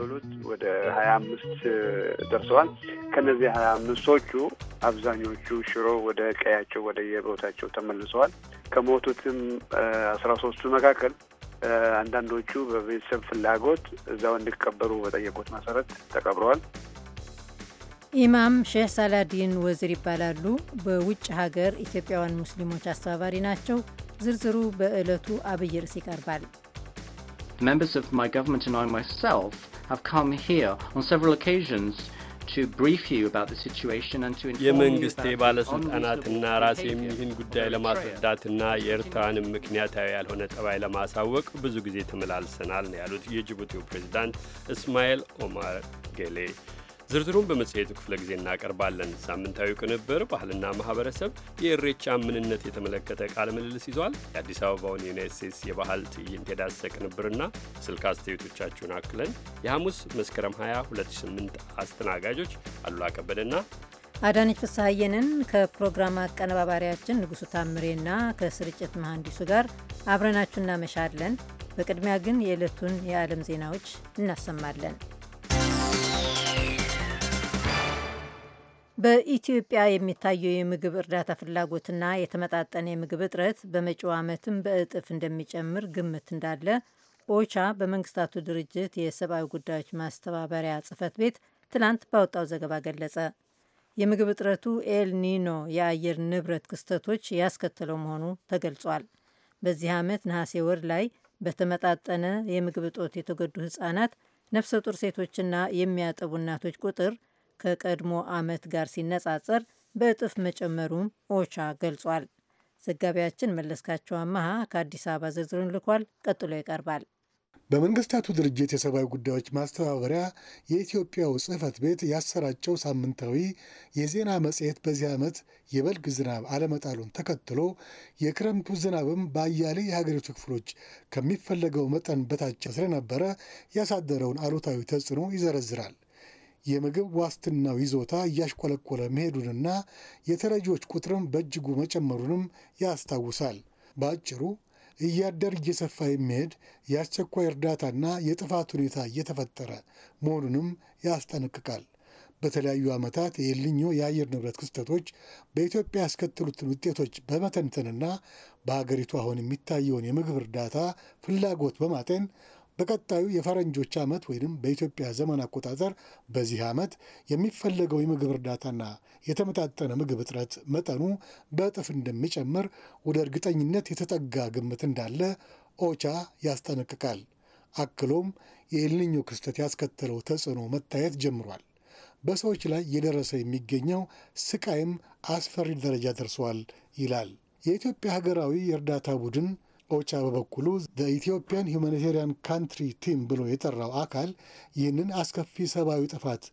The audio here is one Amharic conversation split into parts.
የመሳሰሉት ወደ ሀያ አምስት ደርሰዋል። ከነዚህ ሀያ አምስቶቹ አብዛኞቹ ሽሮ ወደ ቀያቸው ወደ የቦታቸው ተመልሰዋል። ከሞቱትም አስራ ሶስቱ መካከል አንዳንዶቹ በቤተሰብ ፍላጎት እዛው እንዲቀበሩ በጠየቁት መሰረት ተቀብረዋል። ኢማም ሼህ ሳላዲን ወዝር ይባላሉ። በውጭ ሀገር ኢትዮጵያውያን ሙስሊሞች አስተባባሪ ናቸው። ዝርዝሩ በዕለቱ አብይ ርዕስ ይቀርባል። Members of my government and I myself have come here on several occasions የመንግስት የባለሥልጣናት ባለስልጣናትና ራሴም ይህን ጉዳይ ለማስረዳትና የኤርትራንም ምክንያታዊ ያልሆነ ጠባይ ለማሳወቅ ብዙ ጊዜ ተመላልሰናል ነው ያሉት የጅቡቲው ፕሬዚዳንት እስማኤል ኦማር ጌሌ። ዝርዝሩን በመጽሔቱ ክፍለ ጊዜ እናቀርባለን። ሳምንታዊ ቅንብር ባህልና ማህበረሰብ የእሬቻ ምንነት የተመለከተ ቃለ ምልልስ ይዟል። የአዲስ አበባውን የዩናይት ስቴትስ የባህል ትዕይንት የዳሰ ቅንብርና ስልክ አስተያየቶቻችሁን አክለን የሐሙስ መስከረም 20 2008 አስተናጋጆች አሉላ ከበደና አዳነች ፍስሐየንን ከፕሮግራም አቀነባባሪያችን ንጉሱ ታምሬና ከስርጭት መሐንዲሱ ጋር አብረናችሁ እናመሻለን። በቅድሚያ ግን የዕለቱን የዓለም ዜናዎች እናሰማለን። በኢትዮጵያ የሚታየው የምግብ እርዳታ ፍላጎትና የተመጣጠነ የምግብ እጥረት በመጪው ዓመትም በእጥፍ እንደሚጨምር ግምት እንዳለ ኦቻ በመንግስታቱ ድርጅት የሰብአዊ ጉዳዮች ማስተባበሪያ ጽህፈት ቤት ትላንት ባወጣው ዘገባ ገለጸ። የምግብ እጥረቱ ኤል ኒኖ የአየር ንብረት ክስተቶች ያስከተለው መሆኑ ተገልጿል። በዚህ ዓመት ነሐሴ ወር ላይ በተመጣጠነ የምግብ እጦት የተጎዱ ህጻናት፣ ነፍሰ ጡር ሴቶችና የሚያጠቡ እናቶች ቁጥር ከቀድሞ ዓመት ጋር ሲነጻጸር በእጥፍ መጨመሩም ኦቻ ገልጿል። ዘጋቢያችን መለስካቸው አመሃ ከአዲስ አበባ ዝርዝሩን ልኳል። ቀጥሎ ይቀርባል። በመንግስታቱ ድርጅት የሰብአዊ ጉዳዮች ማስተባበሪያ የኢትዮጵያው ጽህፈት ቤት ያሰራጨው ሳምንታዊ የዜና መጽሔት በዚህ ዓመት የበልግ ዝናብ አለመጣሉን ተከትሎ የክረምቱ ዝናብም በአያሌ የሀገሪቱ ክፍሎች ከሚፈለገው መጠን በታች ስለነበረ ያሳደረውን አሉታዊ ተጽዕኖ ይዘረዝራል። የምግብ ዋስትናው ይዞታ እያሽቆለቆለ መሄዱንና የተረጂዎች ቁጥርም በእጅጉ መጨመሩንም ያስታውሳል። በአጭሩ እያደር እየሰፋ የሚሄድ የአስቸኳይ እርዳታና የጥፋት ሁኔታ እየተፈጠረ መሆኑንም ያስጠነቅቃል። በተለያዩ ዓመታት የኤልኒኞ የአየር ንብረት ክስተቶች በኢትዮጵያ ያስከተሉትን ውጤቶች በመተንተንና በሀገሪቱ አሁን የሚታየውን የምግብ እርዳታ ፍላጎት በማጤን በቀጣዩ የፈረንጆች ዓመት ወይም በኢትዮጵያ ዘመን አቆጣጠር በዚህ ዓመት የሚፈለገው የምግብ እርዳታና የተመጣጠነ ምግብ እጥረት መጠኑ በእጥፍ እንደሚጨምር ወደ እርግጠኝነት የተጠጋ ግምት እንዳለ ኦቻ ያስጠነቅቃል። አክሎም የኤልኒኞ ክስተት ያስከተለው ተጽዕኖ መታየት ጀምሯል። በሰዎች ላይ እየደረሰ የሚገኘው ስቃይም አስፈሪ ደረጃ ደርሷል ይላል። የኢትዮጵያ ሀገራዊ የእርዳታ ቡድን ኦቻ በበኩሉ ዘኢትዮጵያን ሁማኒቴሪያን ካንትሪ ቲም ብሎ የጠራው አካል ይህንን አስከፊ ሰብአዊ ጥፋት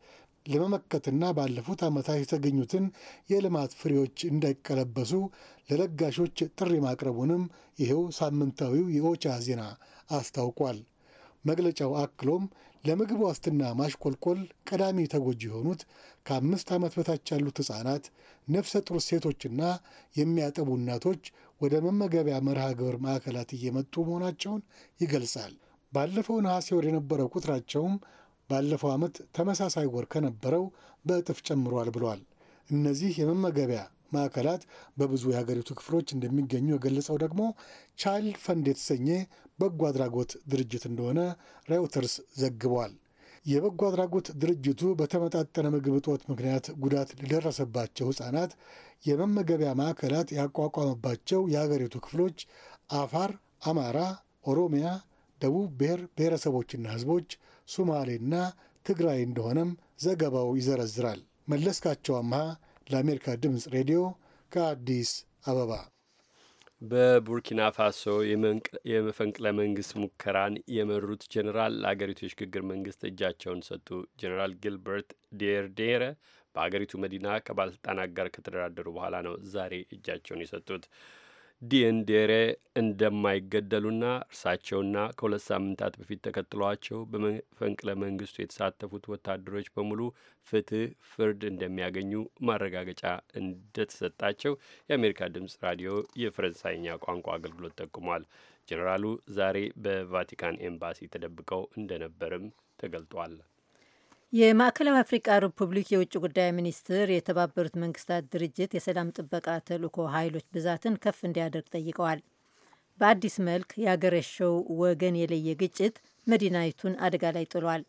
ለመመከትና ባለፉት ዓመታት የተገኙትን የልማት ፍሬዎች እንዳይቀለበሱ ለለጋሾች ጥሪ ማቅረቡንም ይኸው ሳምንታዊው የኦቻ ዜና አስታውቋል። መግለጫው አክሎም ለምግብ ዋስትና ማሽቆልቆል ቀዳሚ ተጎጂ የሆኑት ከአምስት ዓመት በታች ያሉት ሕፃናት፣ ነፍሰ ጡር ሴቶችና የሚያጠቡ እናቶች ወደ መመገቢያ መርሃ ግብር ማዕከላት እየመጡ መሆናቸውን ይገልጻል። ባለፈው ነሐሴ ወር የነበረው ቁጥራቸውም ባለፈው ዓመት ተመሳሳይ ወር ከነበረው በእጥፍ ጨምሯል ብሏል። እነዚህ የመመገቢያ ማዕከላት በብዙ የሀገሪቱ ክፍሎች እንደሚገኙ የገለጸው ደግሞ ቻይልድ ፈንድ የተሰኘ በጎ አድራጎት ድርጅት እንደሆነ ሬውተርስ ዘግቧል። የበጎ አድራጎት ድርጅቱ በተመጣጠነ ምግብ እጦት ምክንያት ጉዳት ለደረሰባቸው ሕፃናት የመመገቢያ ማዕከላት ያቋቋመባቸው የሀገሪቱ ክፍሎች አፋር፣ አማራ፣ ኦሮሚያ፣ ደቡብ ብሔር ብሔረሰቦችና ሕዝቦች፣ ሱማሌና ትግራይ እንደሆነም ዘገባው ይዘረዝራል። መለስካቸው አምሃ ለአሜሪካ ድምፅ ሬዲዮ ከአዲስ አበባ። በቡርኪና ፋሶ የመፈንቅለ መንግስት ሙከራን የመሩት ጀኔራል ለአገሪቱ የሽግግር መንግስት እጃቸውን ሰጡ። ጀኔራል ጊልበርት ዴርዴረ በአገሪቱ መዲና ከባለስልጣናት ጋር ከተደራደሩ በኋላ ነው ዛሬ እጃቸውን የሰጡት። ዲንዴሬ እንደማይገደሉና እርሳቸውና ከሁለት ሳምንታት በፊት ተከትሏቸው በመፈንቅለ መንግስቱ የተሳተፉት ወታደሮች በሙሉ ፍትህ፣ ፍርድ እንደሚያገኙ ማረጋገጫ እንደተሰጣቸው የአሜሪካ ድምጽ ራዲዮ የፈረንሳይኛ ቋንቋ አገልግሎት ጠቁሟል። ጄኔራሉ ዛሬ በቫቲካን ኤምባሲ ተደብቀው እንደነበርም ተገልጧል። የማዕከላዊ አፍሪቃ ሪፑብሊክ የውጭ ጉዳይ ሚኒስትር የተባበሩት መንግስታት ድርጅት የሰላም ጥበቃ ተልእኮ ኃይሎች ብዛትን ከፍ እንዲያደርግ ጠይቀዋል። በአዲስ መልክ ያገረሸው ወገን የለየ ግጭት መዲናይቱን አደጋ ላይ ጥሏል።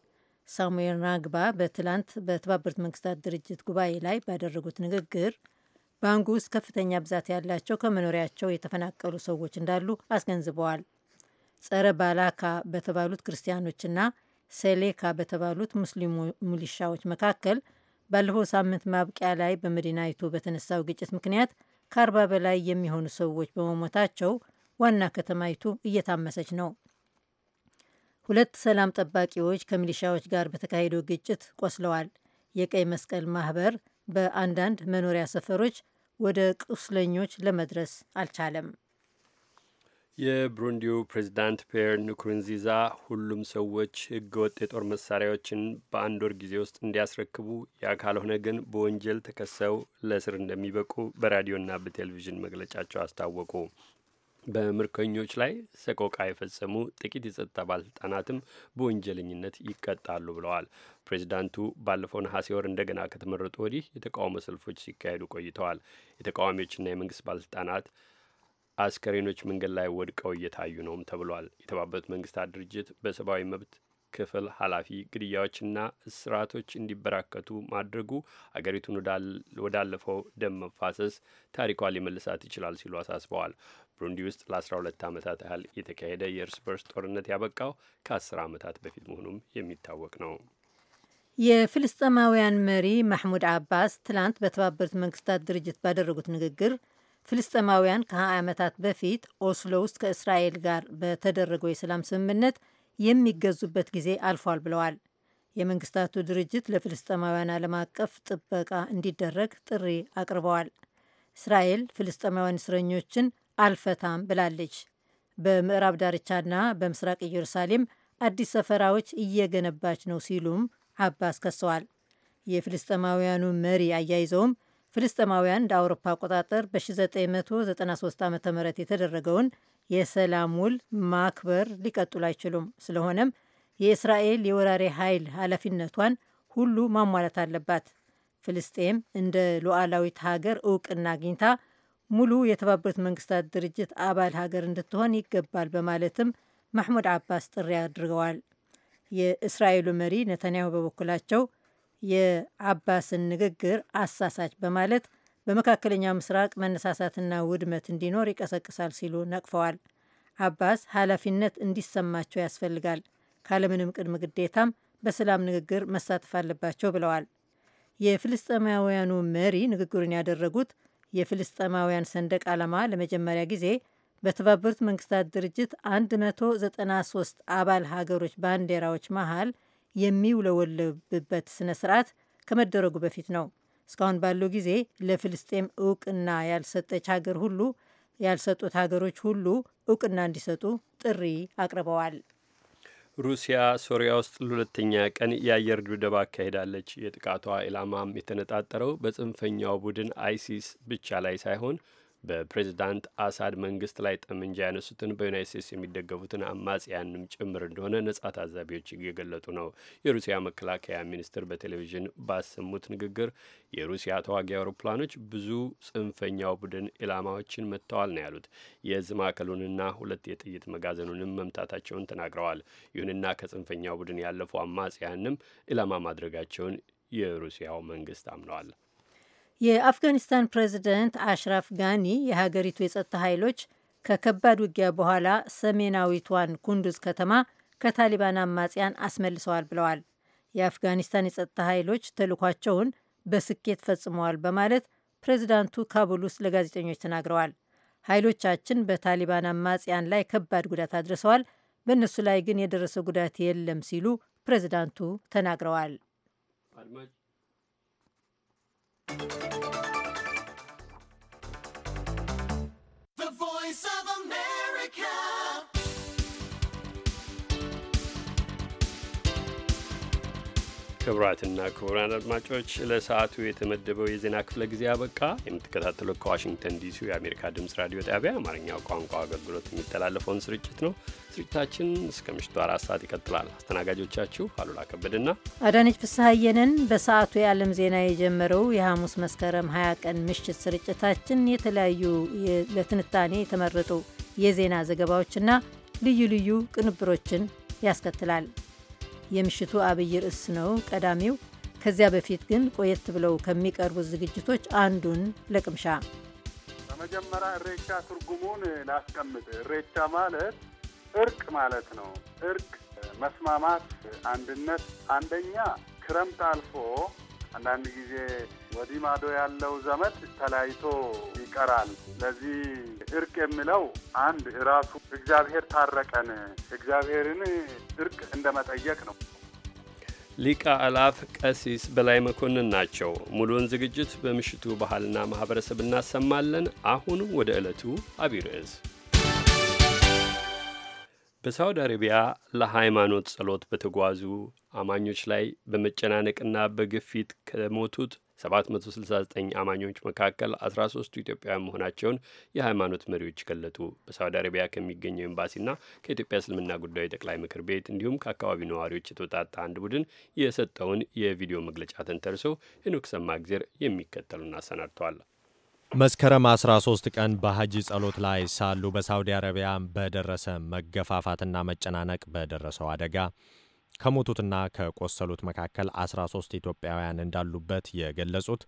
ሳሙኤል ናግባ በትላንት በተባበሩት መንግስታት ድርጅት ጉባኤ ላይ ባደረጉት ንግግር ባንጉ ውስጥ ከፍተኛ ብዛት ያላቸው ከመኖሪያቸው የተፈናቀሉ ሰዎች እንዳሉ አስገንዝበዋል። ጸረ ባላካ በተባሉት ክርስቲያኖችና ሰሌካ በተባሉት ሙስሊሙ ሚሊሻዎች መካከል ባለፈው ሳምንት ማብቂያ ላይ በመዲናይቱ በተነሳው ግጭት ምክንያት ከአርባ በላይ የሚሆኑ ሰዎች በመሞታቸው ዋና ከተማይቱ እየታመሰች ነው። ሁለት ሰላም ጠባቂዎች ከሚሊሻዎች ጋር በተካሄደው ግጭት ቆስለዋል። የቀይ መስቀል ማህበር በአንዳንድ መኖሪያ ሰፈሮች ወደ ቁስለኞች ለመድረስ አልቻለም። የብሩንዲው ፕሬዚዳንት ፒየር ንኩሩንዚዛ ሁሉም ሰዎች ህገወጥ የጦር መሳሪያዎችን በአንድ ወር ጊዜ ውስጥ እንዲያስረክቡ፣ ያ ካልሆነ ግን በወንጀል ተከሰው ለእስር እንደሚበቁ በራዲዮና በቴሌቪዥን መግለጫቸው አስታወቁ። በምርኮኞች ላይ ሰቆቃ የፈጸሙ ጥቂት የጸጥታ ባለስልጣናትም በወንጀለኝነት ይቀጣሉ ብለዋል። ፕሬዚዳንቱ ባለፈው ነሐሴ ወር እንደገና ከተመረጡ ወዲህ የተቃውሞ ሰልፎች ሲካሄዱ ቆይተዋል። የተቃዋሚዎችና የመንግስት ባለስልጣናት አስከሬኖች መንገድ ላይ ወድቀው እየታዩ ነውም ተብሏል። የተባበሩት መንግስታት ድርጅት በሰብአዊ መብት ክፍል ኃላፊ ግድያዎችና እስራቶች እንዲበራከቱ ማድረጉ አገሪቱን ወዳለፈው ደም መፋሰስ ታሪኳ ሊመልሳት ይችላል ሲሉ አሳስበዋል። ብሩንዲ ውስጥ ለ12 ዓመታት ያህል የተካሄደ የእርስ በርስ ጦርነት ያበቃው ከ10 ዓመታት በፊት መሆኑም የሚታወቅ ነው። የፍልስጤማውያን መሪ ማሕሙድ አባስ ትላንት በተባበሩት መንግስታት ድርጅት ባደረጉት ንግግር ፍልስጤማውያን ከ20 ዓመታት በፊት ኦስሎ ውስጥ ከእስራኤል ጋር በተደረገው የሰላም ስምምነት የሚገዙበት ጊዜ አልፏል ብለዋል። የመንግስታቱ ድርጅት ለፍልስጤማውያን ዓለም አቀፍ ጥበቃ እንዲደረግ ጥሪ አቅርበዋል። እስራኤል ፍልስጤማውያን እስረኞችን አልፈታም ብላለች። በምዕራብ ዳርቻና በምስራቅ ኢየሩሳሌም አዲስ ሰፈራዎች እየገነባች ነው ሲሉም አባስ ከሰዋል። የፍልስጤማውያኑ መሪ አያይዘውም ፍልስጤማውያን እንደ አውሮፓ አቆጣጠር በ1993 ዓ ም የተደረገውን የሰላም ውል ማክበር ሊቀጥሉ አይችሉም። ስለሆነም የእስራኤል የወራሪ ኃይል ኃላፊነቷን ሁሉ ማሟላት አለባት። ፍልስጤም እንደ ሉዓላዊት ሀገር እውቅና አግኝታ ሙሉ የተባበሩት መንግስታት ድርጅት አባል ሀገር እንድትሆን ይገባል በማለትም ማሕሙድ አባስ ጥሪ አድርገዋል። የእስራኤሉ መሪ ነተንያሁ በበኩላቸው የአባስን ንግግር አሳሳች በማለት በመካከለኛው ምስራቅ መነሳሳትና ውድመት እንዲኖር ይቀሰቅሳል ሲሉ ነቅፈዋል። አባስ ኃላፊነት እንዲሰማቸው ያስፈልጋል፣ ካለምንም ቅድመ ግዴታም በሰላም ንግግር መሳተፍ አለባቸው ብለዋል። የፍልስጤማውያኑ መሪ ንግግሩን ያደረጉት የፍልስጤማውያን ሰንደቅ ዓላማ ለመጀመሪያ ጊዜ በተባበሩት መንግስታት ድርጅት 193 አባል ሀገሮች ባንዲራዎች መሀል የሚውለወለብበት ስነ ስርዓት ከመደረጉ በፊት ነው። እስካሁን ባለው ጊዜ ለፍልስጤም እውቅና ያልሰጠች ሀገር ሁሉ ያልሰጡት ሀገሮች ሁሉ እውቅና እንዲሰጡ ጥሪ አቅርበዋል። ሩሲያ ሶሪያ ውስጥ ለሁለተኛ ቀን የአየር ድብደባ አካሂዳለች። የጥቃቷ ኢላማም የተነጣጠረው በጽንፈኛው ቡድን አይሲስ ብቻ ላይ ሳይሆን በፕሬዚዳንት አሳድ መንግስት ላይ ጠመንጃ ያነሱትን በዩናይት ስቴትስ የሚደገፉትን አማጽያንም ጭምር እንደሆነ ነጻ ታዛቢዎች እየገለጡ ነው። የሩሲያ መከላከያ ሚኒስትር በቴሌቪዥን ባሰሙት ንግግር የሩሲያ ተዋጊ አውሮፕላኖች ብዙ ጽንፈኛው ቡድን ኢላማዎችን መጥተዋል ነው ያሉት። የእዝ ማዕከሉንና ሁለት የጥይት መጋዘኑንም መምታታቸውን ተናግረዋል። ይሁንና ከጽንፈኛው ቡድን ያለፉ አማጽያንም ኢላማ ማድረጋቸውን የሩሲያው መንግስት አምነዋል። የአፍጋኒስታን ፕሬዚደንት አሽራፍ ጋኒ የሀገሪቱ የጸጥታ ኃይሎች ከከባድ ውጊያ በኋላ ሰሜናዊቷን ኩንዱዝ ከተማ ከታሊባን አማጽያን አስመልሰዋል ብለዋል። የአፍጋኒስታን የጸጥታ ኃይሎች ተልኳቸውን በስኬት ፈጽመዋል በማለት ፕሬዚዳንቱ ካቡል ውስጥ ለጋዜጠኞች ተናግረዋል። ኃይሎቻችን በታሊባን አማጽያን ላይ ከባድ ጉዳት አድርሰዋል፣ በእነሱ ላይ ግን የደረሰ ጉዳት የለም ሲሉ ፕሬዚዳንቱ ተናግረዋል። Thank you. ክቡራትና ክቡራን አድማጮች ለሰዓቱ የተመደበው የዜና ክፍለ ጊዜ አበቃ። የምትከታተሉት ከዋሽንግተን ዲሲ የአሜሪካ ድምፅ ራዲዮ ጣቢያ አማርኛው ቋንቋ አገልግሎት የሚተላለፈውን ስርጭት ነው። ስርጭታችን እስከ ምሽቱ አራት ሰዓት ይቀጥላል። አስተናጋጆቻችሁ አሉላ ከበድና አዳነች ፍስሐየንን በሰዓቱ የዓለም ዜና የጀመረው የሐሙስ መስከረም 20 ቀን ምሽት ስርጭታችን የተለያዩ ለትንታኔ የተመረጡ የዜና ዘገባዎችና ልዩ ልዩ ቅንብሮችን ያስከትላል። የምሽቱ አብይ ርዕስ ነው ቀዳሚው። ከዚያ በፊት ግን ቆየት ብለው ከሚቀርቡት ዝግጅቶች አንዱን ለቅምሻ በመጀመሪያ እሬቻ ትርጉሙን ላስቀምጥ። እሬቻ ማለት እርቅ ማለት ነው። እርቅ፣ መስማማት፣ አንድነት። አንደኛ ክረምት አልፎ አንዳንድ ጊዜ ወዲህ ማዶ ያለው ዘመድ ተለያይቶ ይቀራል። ስለዚህ እርቅ የሚለው አንድ ራሱ እግዚአብሔር ታረቀን እግዚአብሔርን እርቅ እንደመጠየቅ ነው። ሊቀ አላፍ ቀሲስ በላይ መኮንን ናቸው። ሙሉውን ዝግጅት በምሽቱ ባህልና ማኅበረሰብ እናሰማለን። አሁን ወደ ዕለቱ አቢይ ርዕስ በሳውዲ አረቢያ ለሃይማኖት ጸሎት በተጓዙ አማኞች ላይ በመጨናነቅና በግፊት ከሞቱት 769 አማኞች መካከል 13ቱ ኢትዮጵያውያን መሆናቸውን የሃይማኖት መሪዎች ገለጡ። በሳውዲ አረቢያ ከሚገኘው ኤምባሲና ከኢትዮጵያ እስልምና ጉዳዮች ጠቅላይ ምክር ቤት እንዲሁም ከአካባቢው ነዋሪዎች የተውጣጣ አንድ ቡድን የሰጠውን የቪዲዮ መግለጫ ተንተርሶ ሄኖክ ሰማእግዜር የሚከተሉን አሰናድተዋል። መስከረም 13 ቀን በሐጂ ጸሎት ላይ ሳሉ በሳውዲ አረቢያ በደረሰ መገፋፋትና መጨናነቅ በደረሰው አደጋ ከሞቱትና ከቆሰሉት መካከል 13 ኢትዮጵያውያን እንዳሉበት የገለጹት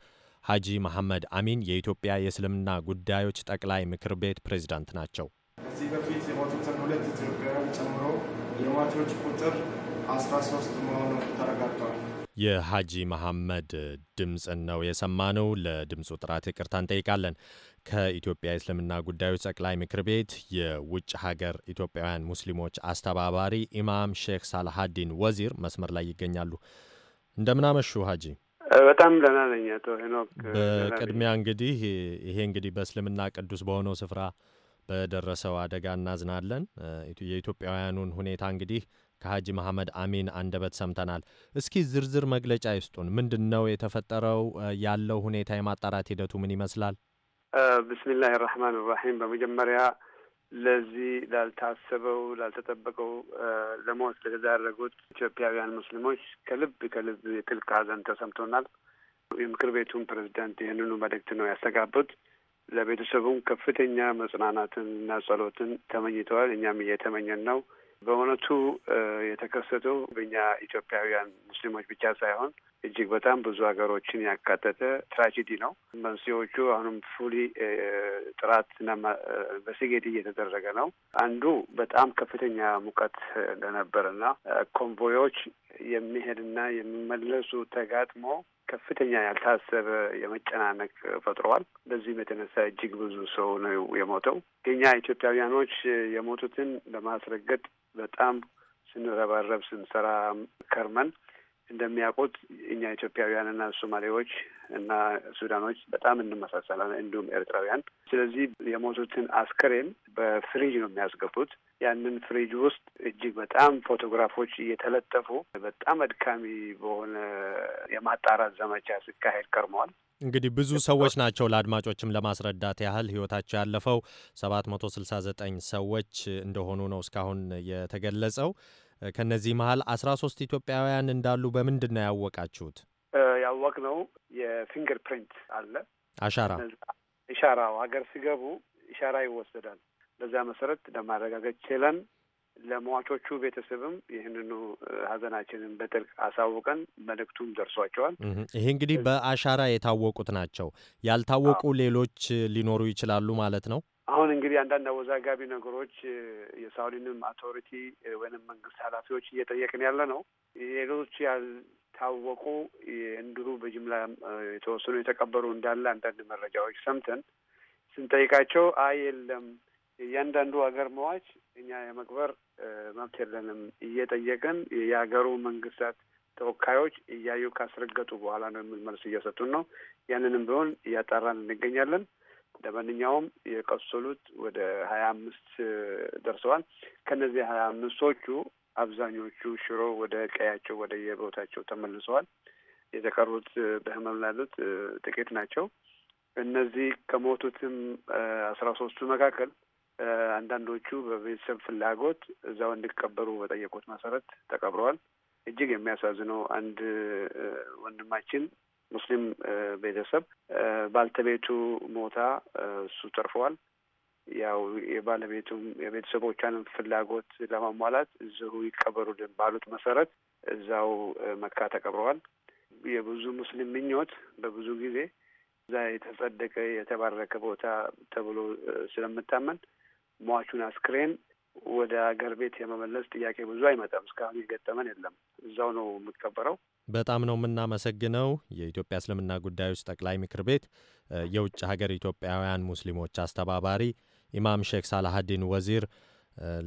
ሐጂ መሐመድ አሚን የኢትዮጵያ የእስልምና ጉዳዮች ጠቅላይ ምክር ቤት ፕሬዚዳንት ናቸው። ከዚህ በፊት የሞቱትን ሁለት ኢትዮጵያውያን ጨምሮ የሟቾች ቁጥር 13 መሆኑ ተረጋግጧል። የሐጂ መሐመድ ድምፅን ነው የሰማነው። ለድምፁ ጥራት ይቅርታ እንጠይቃለን። ከኢትዮጵያ የእስልምና ጉዳዮች ጠቅላይ ምክር ቤት የውጭ ሀገር ኢትዮጵያውያን ሙስሊሞች አስተባባሪ ኢማም ሼክ ሳልሃዲን ወዚር መስመር ላይ ይገኛሉ። እንደምናመሹ ሀጂ። በጣም ደህና ነኝ አቶ ሄኖክ። በቅድሚያ እንግዲህ ይሄ እንግዲህ በእስልምና ቅዱስ በሆነው ስፍራ በደረሰው አደጋ እናዝናለን። የኢትዮጵያውያኑን ሁኔታ እንግዲህ ከሀጂ መሐመድ አሚን አንደበት ሰምተናል። እስኪ ዝርዝር መግለጫ ይስጡን። ምንድን ነው የተፈጠረው? ያለው ሁኔታ የማጣራት ሂደቱ ምን ይመስላል? ብስሚላህ ራህማን ራሒም። በመጀመሪያ ለዚህ ላልታሰበው፣ ላልተጠበቀው ለሞት ለተዳረጉት ኢትዮጵያውያን ሙስሊሞች ከልብ ከልብ የጥልቅ ሐዘን ተሰምቶናል። የምክር ቤቱን ፕሬዚዳንት ይህንኑ መልእክት ነው ያስተጋቡት። ለቤተሰቡም ከፍተኛ መጽናናትን እና ጸሎትን ተመኝተዋል። እኛም እየተመኘን ነው። በእውነቱ የተከሰተው በኛ ኢትዮጵያውያን ሙስሊሞች ብቻ ሳይሆን እጅግ በጣም ብዙ ሀገሮችን ያካተተ ትራጂዲ ነው። መንስኤዎቹ አሁንም ፉሊ ጥራትና ኢንቨስቲጌት እየተደረገ ነው። አንዱ በጣም ከፍተኛ ሙቀት እንደነበረና ኮንቮዮች የሚሄድና የሚመለሱ ተጋጥሞ ከፍተኛ ያልታሰበ የመጨናነቅ ፈጥረዋል። በዚህም የተነሳ እጅግ ብዙ ሰው ነው የሞተው። የኛ ኢትዮጵያውያኖች የሞቱትን ለማስረገጥ በጣም ስንረባረብ ስንሰራ ከርመን እንደሚያውቁት እኛ ኢትዮጵያውያንና ሶማሌዎች እና ሱዳኖች በጣም እንመሳሰላለን፣ እንዲሁም ኤርትራውያን። ስለዚህ የሞቱትን አስክሬን በፍሪጅ ነው የሚያስገቡት። ያንን ፍሪጅ ውስጥ እጅግ በጣም ፎቶግራፎች እየተለጠፉ በጣም አድካሚ በሆነ የማጣራት ዘመቻ ሲካሄድ ከርመዋል። እንግዲህ ብዙ ሰዎች ናቸው። ለአድማጮችም ለማስረዳት ያህል ህይወታቸው ያለፈው ሰባት መቶ ስልሳ ዘጠኝ ሰዎች እንደሆኑ ነው እስካሁን የተገለጸው። ከነዚህ መሀል አስራ ሶስት ኢትዮጵያውያን እንዳሉ በምንድን ነው ያወቃችሁት? ያወቅ ነው የፊንገር ፕሪንት አለ አሻራ ኢሻራው ሀገር ሲገቡ ኢሻራ ይወሰዳል። በዚያ መሰረት ለማረጋገጥ ችለን ለሟቾቹ ቤተሰብም ይህንኑ ሀዘናችንን በጥልቅ አሳውቀን መልእክቱም ደርሷቸዋል። ይሄ እንግዲህ በአሻራ የታወቁት ናቸው። ያልታወቁ ሌሎች ሊኖሩ ይችላሉ ማለት ነው። አሁን እንግዲህ አንዳንድ አወዛጋቢ ነገሮች የሳውዲንም አውቶሪቲ ወይንም መንግስት ኃላፊዎች እየጠየቅን ያለ ነው። ሌሎች ያልታወቁ እንዲሁ በጅምላ የተወሰኑ የተቀበሩ እንዳለ አንዳንድ መረጃዎች ሰምተን ስንጠይቃቸው አይ የለም እያንዳንዱ ሀገር መዋች እኛ የመቅበር መብት የለንም እየጠየቅን የሀገሩ መንግስታት ተወካዮች እያዩ ካስረገጡ በኋላ ነው የሚል መልስ እየሰጡን ነው። ያንንም ቢሆን እያጣራን እንገኛለን። ለማንኛውም የቆሰሉት ወደ ሀያ አምስት ደርሰዋል። ከነዚህ ሀያ አምስቶቹ አብዛኞቹ ሽሮ ወደ ቀያቸው ወደ የቦታቸው ተመልሰዋል። የተቀሩት በህመም ላሉት ጥቂት ናቸው። እነዚህ ከሞቱትም አስራ ሶስቱ መካከል አንዳንዶቹ በቤተሰብ ፍላጎት እዛው እንዲቀበሩ በጠየቁት መሰረት ተቀብረዋል። እጅግ የሚያሳዝነው አንድ ወንድማችን ሙስሊም ቤተሰብ ባልተቤቱ ሞታ እሱ ተርፈዋል። ያው የባለቤቱም የቤተሰቦቿንም ፍላጎት ለማሟላት እዚሁ ይቀበሩልን ባሉት መሰረት እዛው መካ ተቀብረዋል። የብዙ ሙስሊም ምኞት በብዙ ጊዜ እዛ የተጸደቀ የተባረከ ቦታ ተብሎ ስለምታመን ሟቹን አስክሬን ወደ አገር ቤት የመመለስ ጥያቄ ብዙ አይመጣም። እስካሁን የገጠመን የለም። እዛው ነው የምትቀበረው። በጣም ነው የምናመሰግነው። የኢትዮጵያ እስልምና ጉዳዮች ጠቅላይ ምክር ቤት የውጭ ሀገር ኢትዮጵያውያን ሙስሊሞች አስተባባሪ ኢማም ሼክ ሳላሀዲን ወዚር፣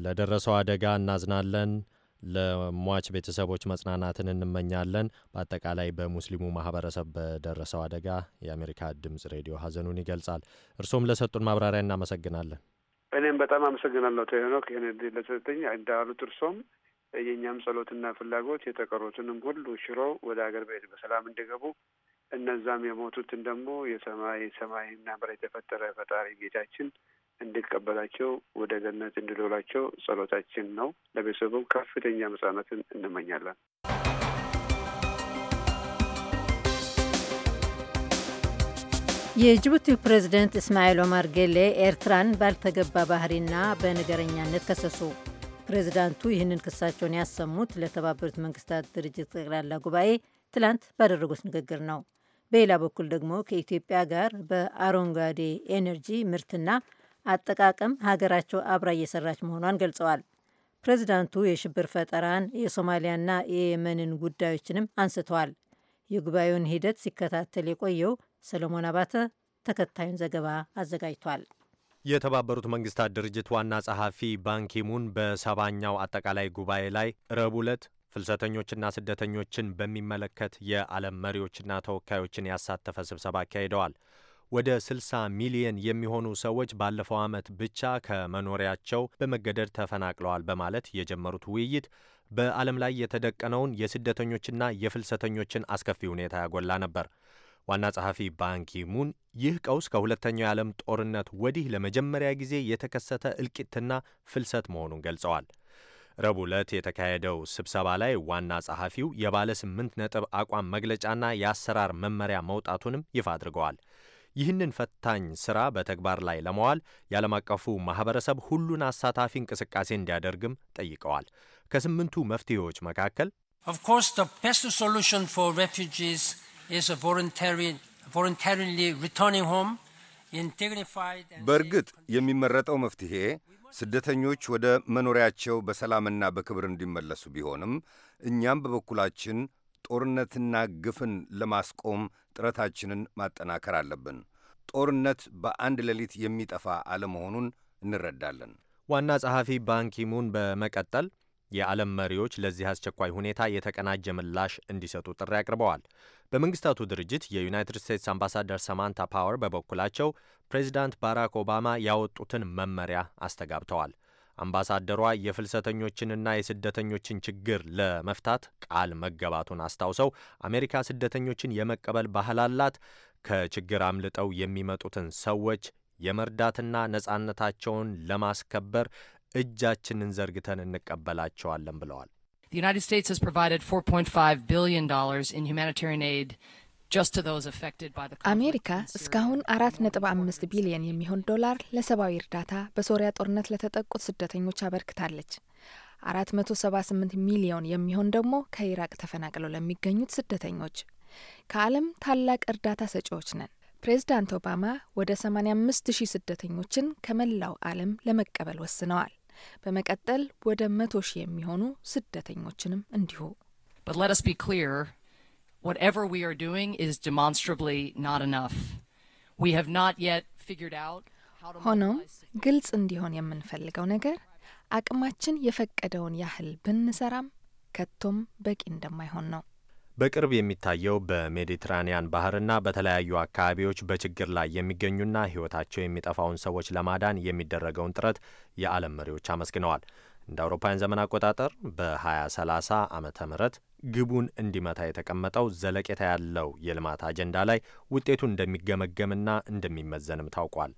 ለደረሰው አደጋ እናዝናለን። ለሟች ቤተሰቦች መጽናናትን እንመኛለን። በአጠቃላይ በሙስሊሙ ማህበረሰብ በደረሰው አደጋ የአሜሪካ ድምጽ ሬዲዮ ሀዘኑን ይገልጻል። እርስዎም ለሰጡን ማብራሪያ እናመሰግናለን። እኔም በጣም አመሰግናለሁ አቶ ይህን እድል ለሰጠኝ። እንዳሉት እርሶም የእኛም ጸሎትና ፍላጎት የተቀሩትንም ሁሉ ሽሮ ወደ ሀገር ቤት በሰላም እንዲገቡ እነዛም የሞቱትን ደግሞ የሰማይ ሰማይና መሬት የተፈጠረ ፈጣሪ ጌታችን እንዲቀበላቸው ወደ ገነት እንዲዶላቸው ጸሎታችን ነው። ለቤተሰቡም ከፍተኛ መጽናናትን እንመኛለን። የጅቡቲው ፕሬዝደንት እስማኤል ኦማር ጌሌ ኤርትራን ባልተገባ ባህሪና በነገረኛነት ከሰሱ። ፕሬዚዳንቱ ይህንን ክሳቸውን ያሰሙት ለተባበሩት መንግስታት ድርጅት ጠቅላላ ጉባኤ ትላንት ባደረጉት ንግግር ነው። በሌላ በኩል ደግሞ ከኢትዮጵያ ጋር በአረንጓዴ ኤነርጂ ምርትና አጠቃቀም ሀገራቸው አብራ እየሰራች መሆኗን ገልጸዋል። ፕሬዚዳንቱ የሽብር ፈጠራን፣ የሶማሊያና የየመንን ጉዳዮችንም አንስተዋል። የጉባኤውን ሂደት ሲከታተል የቆየው ሰለሞን አባተ ተከታዩን ዘገባ አዘጋጅቷል። የተባበሩት መንግስታት ድርጅት ዋና ጸሐፊ ባንኪሙን በሰባኛው አጠቃላይ ጉባኤ ላይ ረቡዕ ዕለት ፍልሰተኞችና ስደተኞችን በሚመለከት የዓለም መሪዎችና ተወካዮችን ያሳተፈ ስብሰባ አካሂደዋል። ወደ 60 ሚሊየን የሚሆኑ ሰዎች ባለፈው ዓመት ብቻ ከመኖሪያቸው በመገደድ ተፈናቅለዋል በማለት የጀመሩት ውይይት በዓለም ላይ የተደቀነውን የስደተኞችና የፍልሰተኞችን አስከፊ ሁኔታ ያጎላ ነበር። ዋና ጸሐፊ ባንኪሙን ይህ ቀውስ ከሁለተኛው የዓለም ጦርነት ወዲህ ለመጀመሪያ ጊዜ የተከሰተ እልቂትና ፍልሰት መሆኑን ገልጸዋል። ረቡዕ ዕለት የተካሄደው ስብሰባ ላይ ዋና ጸሐፊው የባለ ስምንት ነጥብ አቋም መግለጫና የአሰራር መመሪያ መውጣቱንም ይፋ አድርገዋል። ይህንን ፈታኝ ሥራ በተግባር ላይ ለመዋል የዓለም አቀፉ ማህበረሰብ ሁሉን አሳታፊ እንቅስቃሴ እንዲያደርግም ጠይቀዋል። ከስምንቱ መፍትሄዎች መካከል ኦፍ ኮርስ ዘ ቤስት ሶሉሽን ፎር በእርግጥ የሚመረጠው መፍትሄ ስደተኞች ወደ መኖሪያቸው በሰላምና በክብር እንዲመለሱ ቢሆንም እኛም በበኩላችን ጦርነትና ግፍን ለማስቆም ጥረታችንን ማጠናከር አለብን። ጦርነት በአንድ ሌሊት የሚጠፋ አለመሆኑን እንረዳለን። ዋና ጸሐፊ ባንኪሙን በመቀጠል የዓለም መሪዎች ለዚህ አስቸኳይ ሁኔታ የተቀናጀ ምላሽ እንዲሰጡ ጥሪ አቅርበዋል። በመንግስታቱ ድርጅት የዩናይትድ ስቴትስ አምባሳደር ሰማንታ ፓወር በበኩላቸው ፕሬዚዳንት ባራክ ኦባማ ያወጡትን መመሪያ አስተጋብተዋል። አምባሳደሯ የፍልሰተኞችንና የስደተኞችን ችግር ለመፍታት ቃል መገባቱን አስታውሰው አሜሪካ ስደተኞችን የመቀበል ባህል አላት፣ ከችግር አምልጠው የሚመጡትን ሰዎች የመርዳትና ነጻነታቸውን ለማስከበር እጃችንን ዘርግተን እንቀበላቸዋለን ብለዋል። The United States has provided $4.5 billion in humanitarian aid አሜሪካ እስካሁን አራት ነጥብ አምስት ቢሊየን የሚሆን ዶላር ለሰብአዊ እርዳታ በሶሪያ ጦርነት ለተጠቁት ስደተኞች አበርክታለች። አራት መቶ ሰባ ስምንት ሚሊዮን የሚሆን ደግሞ ከኢራቅ ተፈናቅለው ለሚገኙት ስደተኞች። ከዓለም ታላቅ እርዳታ ሰጪዎች ነን። ፕሬዚዳንት ኦባማ ወደ ሰማኒያ አምስት ሺህ ስደተኞችን ከመላው ዓለም ለመቀበል ወስነዋል። በመቀጠል ወደ መቶ ሺህ የሚሆኑ ስደተኞችንም እንዲሁ። But let us be clear, whatever we are doing is demonstrably not enough. We have not yet figured out ሆኖም ግልጽ እንዲሆን የምንፈልገው ነገር አቅማችን የፈቀደውን ያህል ብንሰራም ከቶም በቂ እንደማይሆን ነው። በቅርብ የሚታየው በሜዲትራኒያን ባህርና በተለያዩ አካባቢዎች በችግር ላይ የሚገኙና ሕይወታቸው የሚጠፋውን ሰዎች ለማዳን የሚደረገውን ጥረት የዓለም መሪዎች አመስግነዋል። እንደ አውሮፓውያን ዘመን አቆጣጠር በ2030 ዓመተ ምህረት ግቡን እንዲመታ የተቀመጠው ዘለቄታ ያለው የልማት አጀንዳ ላይ ውጤቱ እንደሚገመገምና እንደሚመዘንም ታውቋል።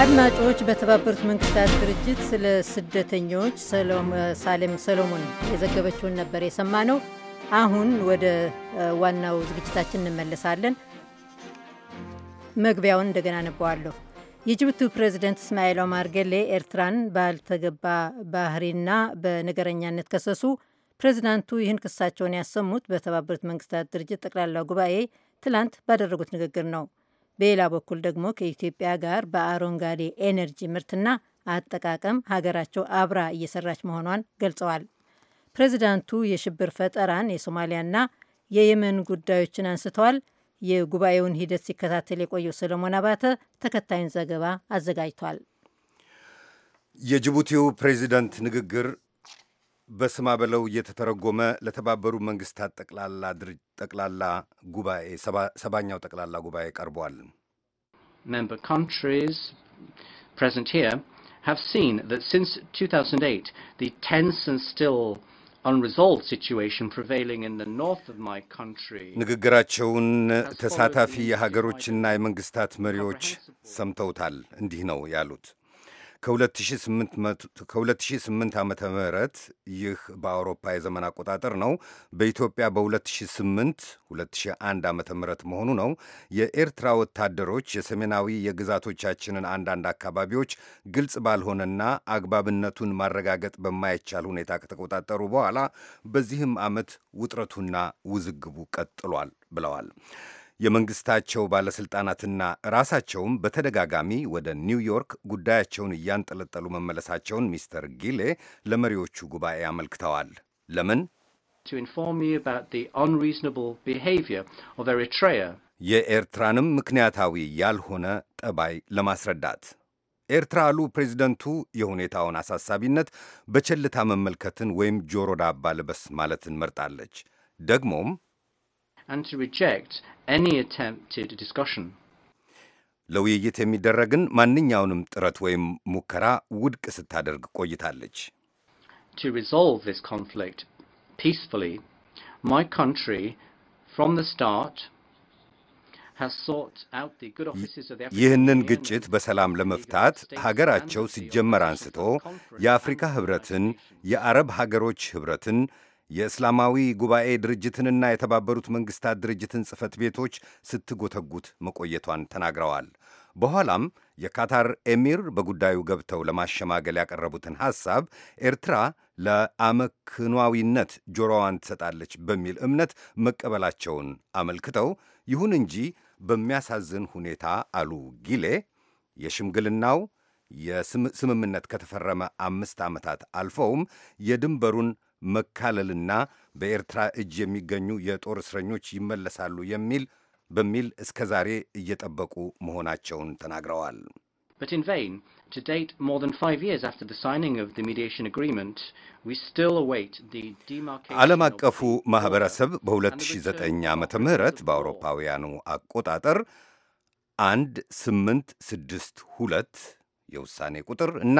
አድማጮች፣ በተባበሩት መንግስታት ድርጅት ስለ ስደተኞች ሳሌም ሰሎሞን የዘገበችውን ነበር የሰማ ነው። አሁን ወደ ዋናው ዝግጅታችን እንመለሳለን። መግቢያውን እንደገና ነበዋለሁ። የጅቡቲ ፕሬዚደንት እስማኤል ኦማር ገሌ ኤርትራን ባልተገባ ባህሪና በነገረኛነት ከሰሱ። ፕሬዚዳንቱ ይህን ክሳቸውን ያሰሙት በተባበሩት መንግስታት ድርጅት ጠቅላላ ጉባኤ ትላንት ባደረጉት ንግግር ነው። በሌላ በኩል ደግሞ ከኢትዮጵያ ጋር በአረንጓዴ ኤነርጂ ምርትና አጠቃቀም ሀገራቸው አብራ እየሰራች መሆኗን ገልጸዋል። ፕሬዚዳንቱ የሽብር ፈጠራን፣ የሶማሊያና የየመን ጉዳዮችን አንስተዋል። የጉባኤውን ሂደት ሲከታተል የቆየው ሰለሞን አባተ ተከታዩን ዘገባ አዘጋጅቷል። የጅቡቲው ፕሬዚዳንት ንግግር በስማ በለው እየተተረጎመ ለተባበሩ መንግስታት ጠቅላላ ጉባኤ ሰባኛው ጠቅላላ ጉባኤ ቀርቧል። Member countries present here have seen that since 2008 the tense and still ንግግራቸውን ተሳታፊ የሀገሮችና የመንግስታት መሪዎች ሰምተውታል። እንዲህ ነው ያሉት። ከ2008 ዓመተ ምህረት ይህ በአውሮፓ የዘመን አቆጣጠር ነው። በኢትዮጵያ በ2008 2001 ዓመተ መሆኑ ነው። የኤርትራ ወታደሮች የሰሜናዊ የግዛቶቻችንን አንዳንድ አካባቢዎች ግልጽ ባልሆነና አግባብነቱን ማረጋገጥ በማይቻል ሁኔታ ከተቆጣጠሩ በኋላ በዚህም ዓመት ውጥረቱና ውዝግቡ ቀጥሏል ብለዋል። የመንግስታቸው ባለሥልጣናትና ራሳቸውም በተደጋጋሚ ወደ ኒውዮርክ ጉዳያቸውን እያንጠለጠሉ መመለሳቸውን ሚስተር ጊሌ ለመሪዎቹ ጉባኤ አመልክተዋል። ለምን? የኤርትራንም ምክንያታዊ ያልሆነ ጠባይ ለማስረዳት ኤርትራ አሉ ፕሬዚደንቱ የሁኔታውን አሳሳቢነት በቸልታ መመልከትን ወይም ጆሮ ዳባ ልበስ ማለትን መርጣለች። ደግሞም and to reject any attempted discussion. ለውይይት የሚደረግን ማንኛውንም ጥረት ወይም ሙከራ ውድቅ ስታደርግ ቆይታለች። To resolve this conflict peacefully, my country from the start ይህንን ግጭት በሰላም ለመፍታት ሀገራቸው ሲጀመር አንስቶ የአፍሪካ ህብረትን የአረብ ሀገሮች ህብረትን የእስላማዊ ጉባኤ ድርጅትንና የተባበሩት መንግስታት ድርጅትን ጽሕፈት ቤቶች ስትጎተጉት መቆየቷን ተናግረዋል። በኋላም የካታር ኤሚር በጉዳዩ ገብተው ለማሸማገል ያቀረቡትን ሐሳብ ኤርትራ ለአመክኗዊነት ጆሮዋን ትሰጣለች በሚል እምነት መቀበላቸውን አመልክተው፣ ይሁን እንጂ በሚያሳዝን ሁኔታ አሉ ጊሌ የሽምግልናው የስምምነት ከተፈረመ አምስት ዓመታት አልፈውም የድንበሩን መካለልና በኤርትራ እጅ የሚገኙ የጦር እስረኞች ይመለሳሉ የሚል በሚል እስከ ዛሬ እየጠበቁ መሆናቸውን ተናግረዋል። But in vain, to date, more than five years after the signing of the mediation agreement, we still await the demarcation ዓለም አቀፉ ማህበረሰብ በ2009 ዓመተ ምህረት በአውሮፓውያኑ አቆጣጠር 1862 የውሳኔ ቁጥር እና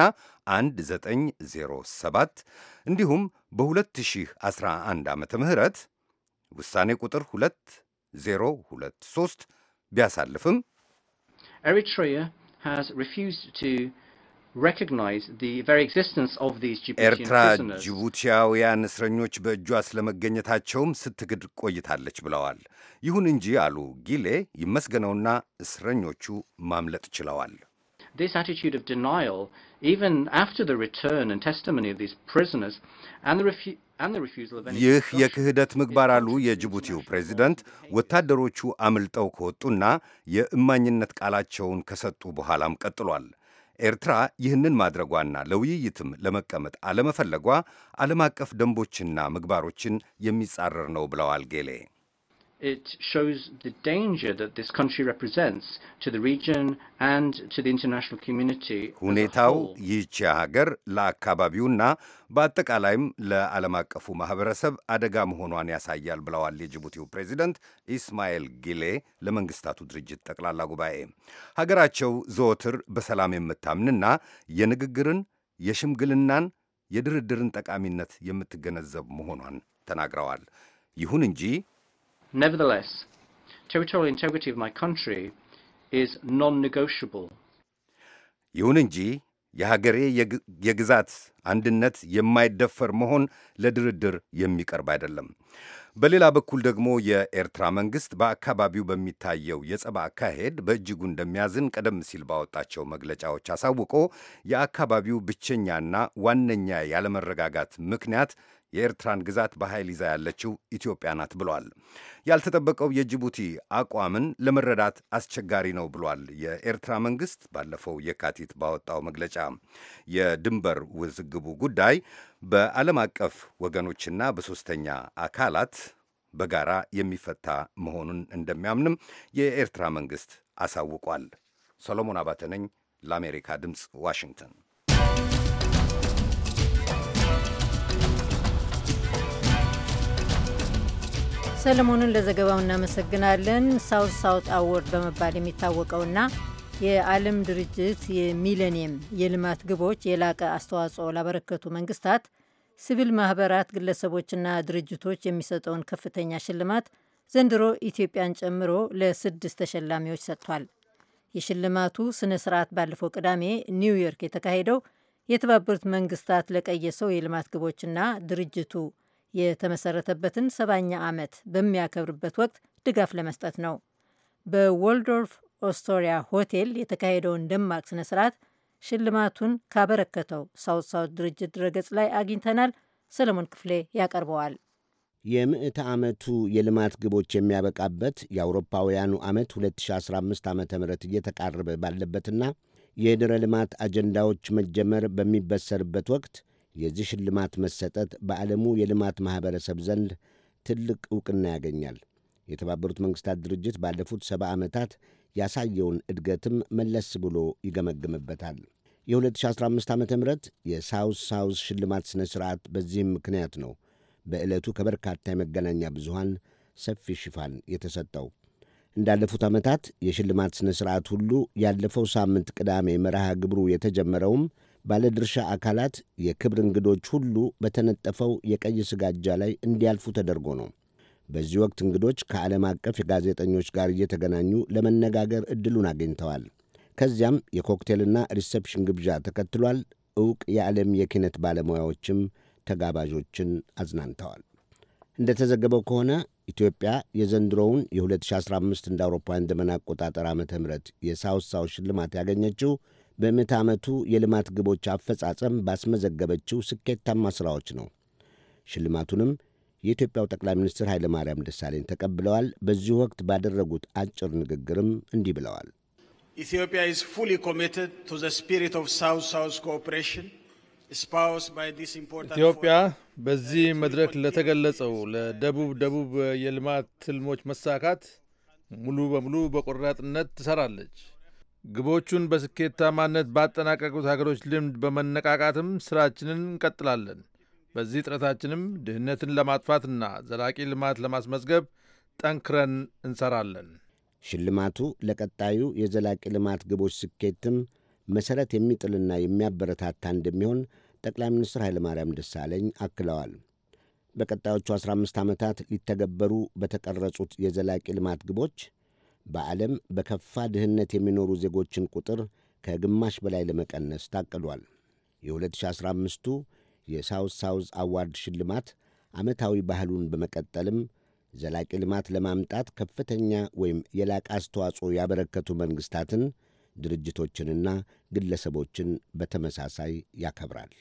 1907 እንዲሁም በ2011 ዓ ም ውሳኔ ቁጥር 2023 ቢያሳልፍም ኤርትራ ጅቡቲያውያን እስረኞች በእጇ ስለመገኘታቸውም ስትክድ ቆይታለች ብለዋል። ይሁን እንጂ አሉ ጊሌ ይመስገነውና እስረኞቹ ማምለጥ ችለዋል። this attitude of denial, even after the return and testimony of these prisoners and the refu ይህ የክህደት ምግባር አሉ የጅቡቲው ፕሬዚደንት ወታደሮቹ አምልጠው ከወጡና የእማኝነት ቃላቸውን ከሰጡ በኋላም ቀጥሏል። ኤርትራ ይህንን ማድረጓና ለውይይትም ለመቀመጥ አለመፈለጓ ዓለም አቀፍ ደንቦችና ምግባሮችን የሚጻረር ነው ብለዋል ጌሌ። it shows the danger that this country represents to the region and to the international community. ሁኔታው ይህቺ ሀገር ለአካባቢውና በአጠቃላይም ለዓለም አቀፉ ማህበረሰብ አደጋ መሆኗን ያሳያል ብለዋል የጅቡቲው ፕሬዚደንት ኢስማኤል ጊሌ ለመንግስታቱ ድርጅት ጠቅላላ ጉባኤ። ሀገራቸው ዘወትር በሰላም የምታምንና የንግግርን፣ የሽምግልናን፣ የድርድርን ጠቃሚነት የምትገነዘብ መሆኗን ተናግረዋል። ይሁን እንጂ Nevertheless, territorial integrity of my country is non-negotiable. ይሁን እንጂ የሀገሬ የግዛት አንድነት የማይደፈር መሆን ለድርድር የሚቀርብ አይደለም። በሌላ በኩል ደግሞ የኤርትራ መንግሥት በአካባቢው በሚታየው የጸባ አካሄድ በእጅጉ እንደሚያዝን ቀደም ሲል ባወጣቸው መግለጫዎች አሳውቆ የአካባቢው ብቸኛና ዋነኛ ያለመረጋጋት ምክንያት የኤርትራን ግዛት በኃይል ይዛ ያለችው ኢትዮጵያ ናት ብሏል። ያልተጠበቀው የጅቡቲ አቋምን ለመረዳት አስቸጋሪ ነው ብሏል። የኤርትራ መንግስት ባለፈው የካቲት ባወጣው መግለጫ የድንበር ውዝግቡ ጉዳይ በዓለም አቀፍ ወገኖችና በሦስተኛ አካላት በጋራ የሚፈታ መሆኑን እንደሚያምንም የኤርትራ መንግስት አሳውቋል። ሰሎሞን አባተ ነኝ ለአሜሪካ ድምፅ ዋሽንግተን ሰለሞንን ለዘገባው እናመሰግናለን። ሳውት ሳውት አወርድ በመባል የሚታወቀውና የዓለም ድርጅት የሚሌኒየም የልማት ግቦች የላቀ አስተዋጽኦ ላበረከቱ መንግስታት፣ ሲቪል ማህበራት፣ ግለሰቦችና ድርጅቶች የሚሰጠውን ከፍተኛ ሽልማት ዘንድሮ ኢትዮጵያን ጨምሮ ለስድስት ተሸላሚዎች ሰጥቷል። የሽልማቱ ስነ ስርዓት ባለፈው ቅዳሜ ኒውዮርክ የተካሄደው የተባበሩት መንግስታት ለቀየሰው የልማት ግቦችና ድርጅቱ የተመሰረተበትን ሰባኛ ዓመት በሚያከብርበት ወቅት ድጋፍ ለመስጠት ነው። በወልዶርፍ ኦስቶሪያ ሆቴል የተካሄደውን ደማቅ ስነ ስርዓት ሽልማቱን ካበረከተው ሳውት ሳውት ድርጅት ድረገጽ ላይ አግኝተናል። ሰለሞን ክፍሌ ያቀርበዋል። የምዕተ ዓመቱ የልማት ግቦች የሚያበቃበት የአውሮፓውያኑ ዓመት 2015 ዓ ም እየተቃረበ ባለበትና የድረ ልማት አጀንዳዎች መጀመር በሚበሰርበት ወቅት የዚህ ሽልማት መሰጠት በዓለሙ የልማት ማኅበረሰብ ዘንድ ትልቅ ዕውቅና ያገኛል። የተባበሩት መንግሥታት ድርጅት ባለፉት ሰባ ዓመታት ያሳየውን እድገትም መለስ ብሎ ይገመግምበታል። የ2015 ዓ ም የሳውስ ሳውስ ሽልማት ሥነ ሥርዓት በዚህም ምክንያት ነው በዕለቱ ከበርካታ የመገናኛ ብዙሃን ሰፊ ሽፋን የተሰጠው። እንዳለፉት ዓመታት የሽልማት ሥነ ሥርዓት ሁሉ ያለፈው ሳምንት ቅዳሜ መርሃ ግብሩ የተጀመረውም ባለድርሻ አካላት የክብር እንግዶች ሁሉ በተነጠፈው የቀይ ስጋጃ ላይ እንዲያልፉ ተደርጎ ነው። በዚህ ወቅት እንግዶች ከዓለም አቀፍ የጋዜጠኞች ጋር እየተገናኙ ለመነጋገር ዕድሉን አግኝተዋል። ከዚያም የኮክቴልና ሪሰፕሽን ግብዣ ተከትሏል። ዕውቅ የዓለም የኪነት ባለሙያዎችም ተጋባዦችን አዝናንተዋል። እንደተዘገበው ከሆነ ኢትዮጵያ የዘንድሮውን የ2015 እንደ አውሮፓውያን ዘመን አቆጣጠር ዓመተ ምህረት የሳውዝ ሳው ሽልማት ያገኘችው በምዕተ ዓመቱ የልማት ግቦች አፈጻጸም ባስመዘገበችው ስኬታማ ሥራዎች ነው። ሽልማቱንም የኢትዮጵያው ጠቅላይ ሚኒስትር ኃይለማርያም ደሳለኝ ተቀብለዋል። በዚሁ ወቅት ባደረጉት አጭር ንግግርም እንዲህ ብለዋል። ኢትዮጵያ ኢዝ ፉሊ ኮሚትድ ቱ ዘ ስፒሪት ኦፍ ሳውዝ ሳውዝ ኮኦፕሬሽን ኢትዮጵያ በዚህ መድረክ ለተገለጸው ለደቡብ ደቡብ የልማት ትልሞች መሳካት ሙሉ በሙሉ በቆራጥነት ትሰራለች። ግቦቹን በስኬታማነት ባጠናቀቁት ሀገሮች ልምድ በመነቃቃትም ስራችንን እንቀጥላለን። በዚህ ጥረታችንም ድህነትን ለማጥፋትና ዘላቂ ልማት ለማስመዝገብ ጠንክረን እንሰራለን። ሽልማቱ ለቀጣዩ የዘላቂ ልማት ግቦች ስኬትም መሠረት የሚጥልና የሚያበረታታ እንደሚሆን ጠቅላይ ሚኒስትር ኃይለማርያም ደሳለኝ አክለዋል። በቀጣዮቹ 15 ዓመታት ሊተገበሩ በተቀረጹት የዘላቂ ልማት ግቦች በዓለም በከፋ ድህነት የሚኖሩ ዜጎችን ቁጥር ከግማሽ በላይ ለመቀነስ ታቅዷል። የ2015ቱ የሳውዝ ሳውዝ አዋርድ ሽልማት ዓመታዊ ባህሉን በመቀጠልም ዘላቂ ልማት ለማምጣት ከፍተኛ ወይም የላቀ አስተዋጽኦ ያበረከቱ መንግሥታትን ድርጅቶችንና ግለሰቦችን በተመሳሳይ ያከብራል።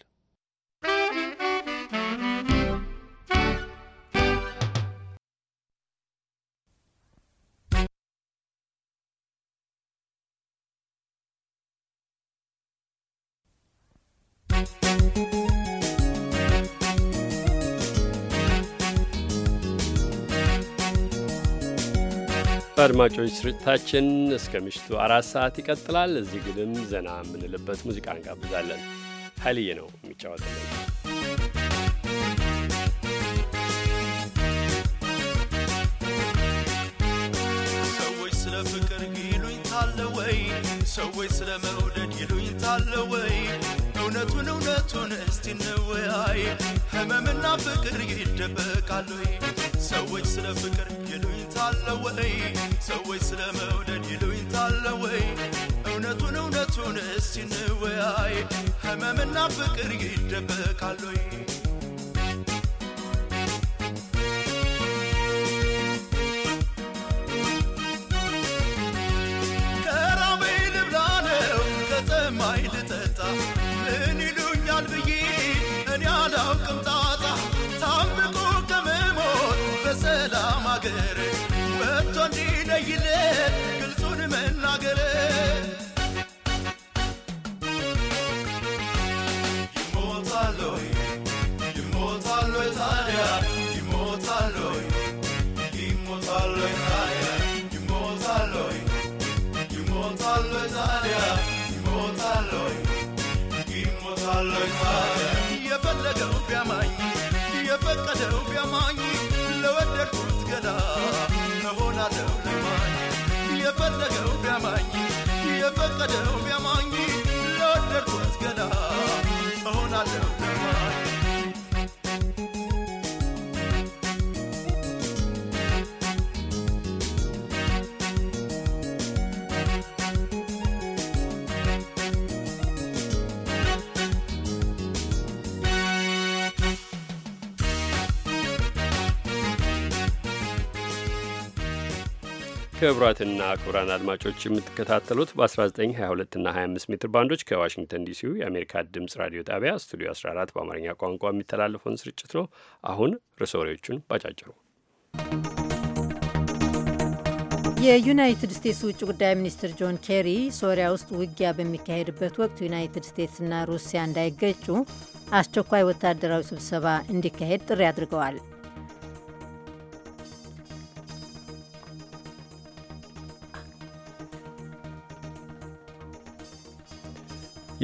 አድማጮች ስርጭታችን እስከ ምሽቱ አራት ሰዓት ይቀጥላል። እዚህ ግድም ዘና የምንልበት ሙዚቃ እንጋብዛለን። ኃይልዬ ነው የሚጫወትልን። ሰዎች ስለ ፍቅር ይሉኝ ታለወይ፣ ሰዎች ስለ መውደድ ይሉኝታለ ወይ? እውነቱን እውነቱን እስቲ እንወያይ፣ ህመምና ፍቅር ይደበቃሉ። ሰዎች ስለ ፍቅር ይሉኝ ታለወይ ሰዎች ስለ መውደድ ይሉኝ ታለወይ እውነቱን እውነቱን እስቲ ንወያይ ህመምና ፍቅር ይደበቃሉይ ክቡራትና ክቡራን አድማጮች የምትከታተሉት በ1922 እና 25 ሜትር ባንዶች ከዋሽንግተን ዲሲው የአሜሪካ ድምፅ ራዲዮ ጣቢያ ስቱዲዮ 14 በአማርኛ ቋንቋ የሚተላለፈውን ስርጭት ነው። አሁን ርዕሰ ባጫጭሩ። የዩናይትድ ስቴትስ ውጭ ጉዳይ ሚኒስትር ጆን ኬሪ ሶሪያ ውስጥ ውጊያ በሚካሄድበት ወቅት ዩናይትድ ስቴትስና ሩሲያ እንዳይገጩ አስቸኳይ ወታደራዊ ስብሰባ እንዲካሄድ ጥሪ አድርገዋል።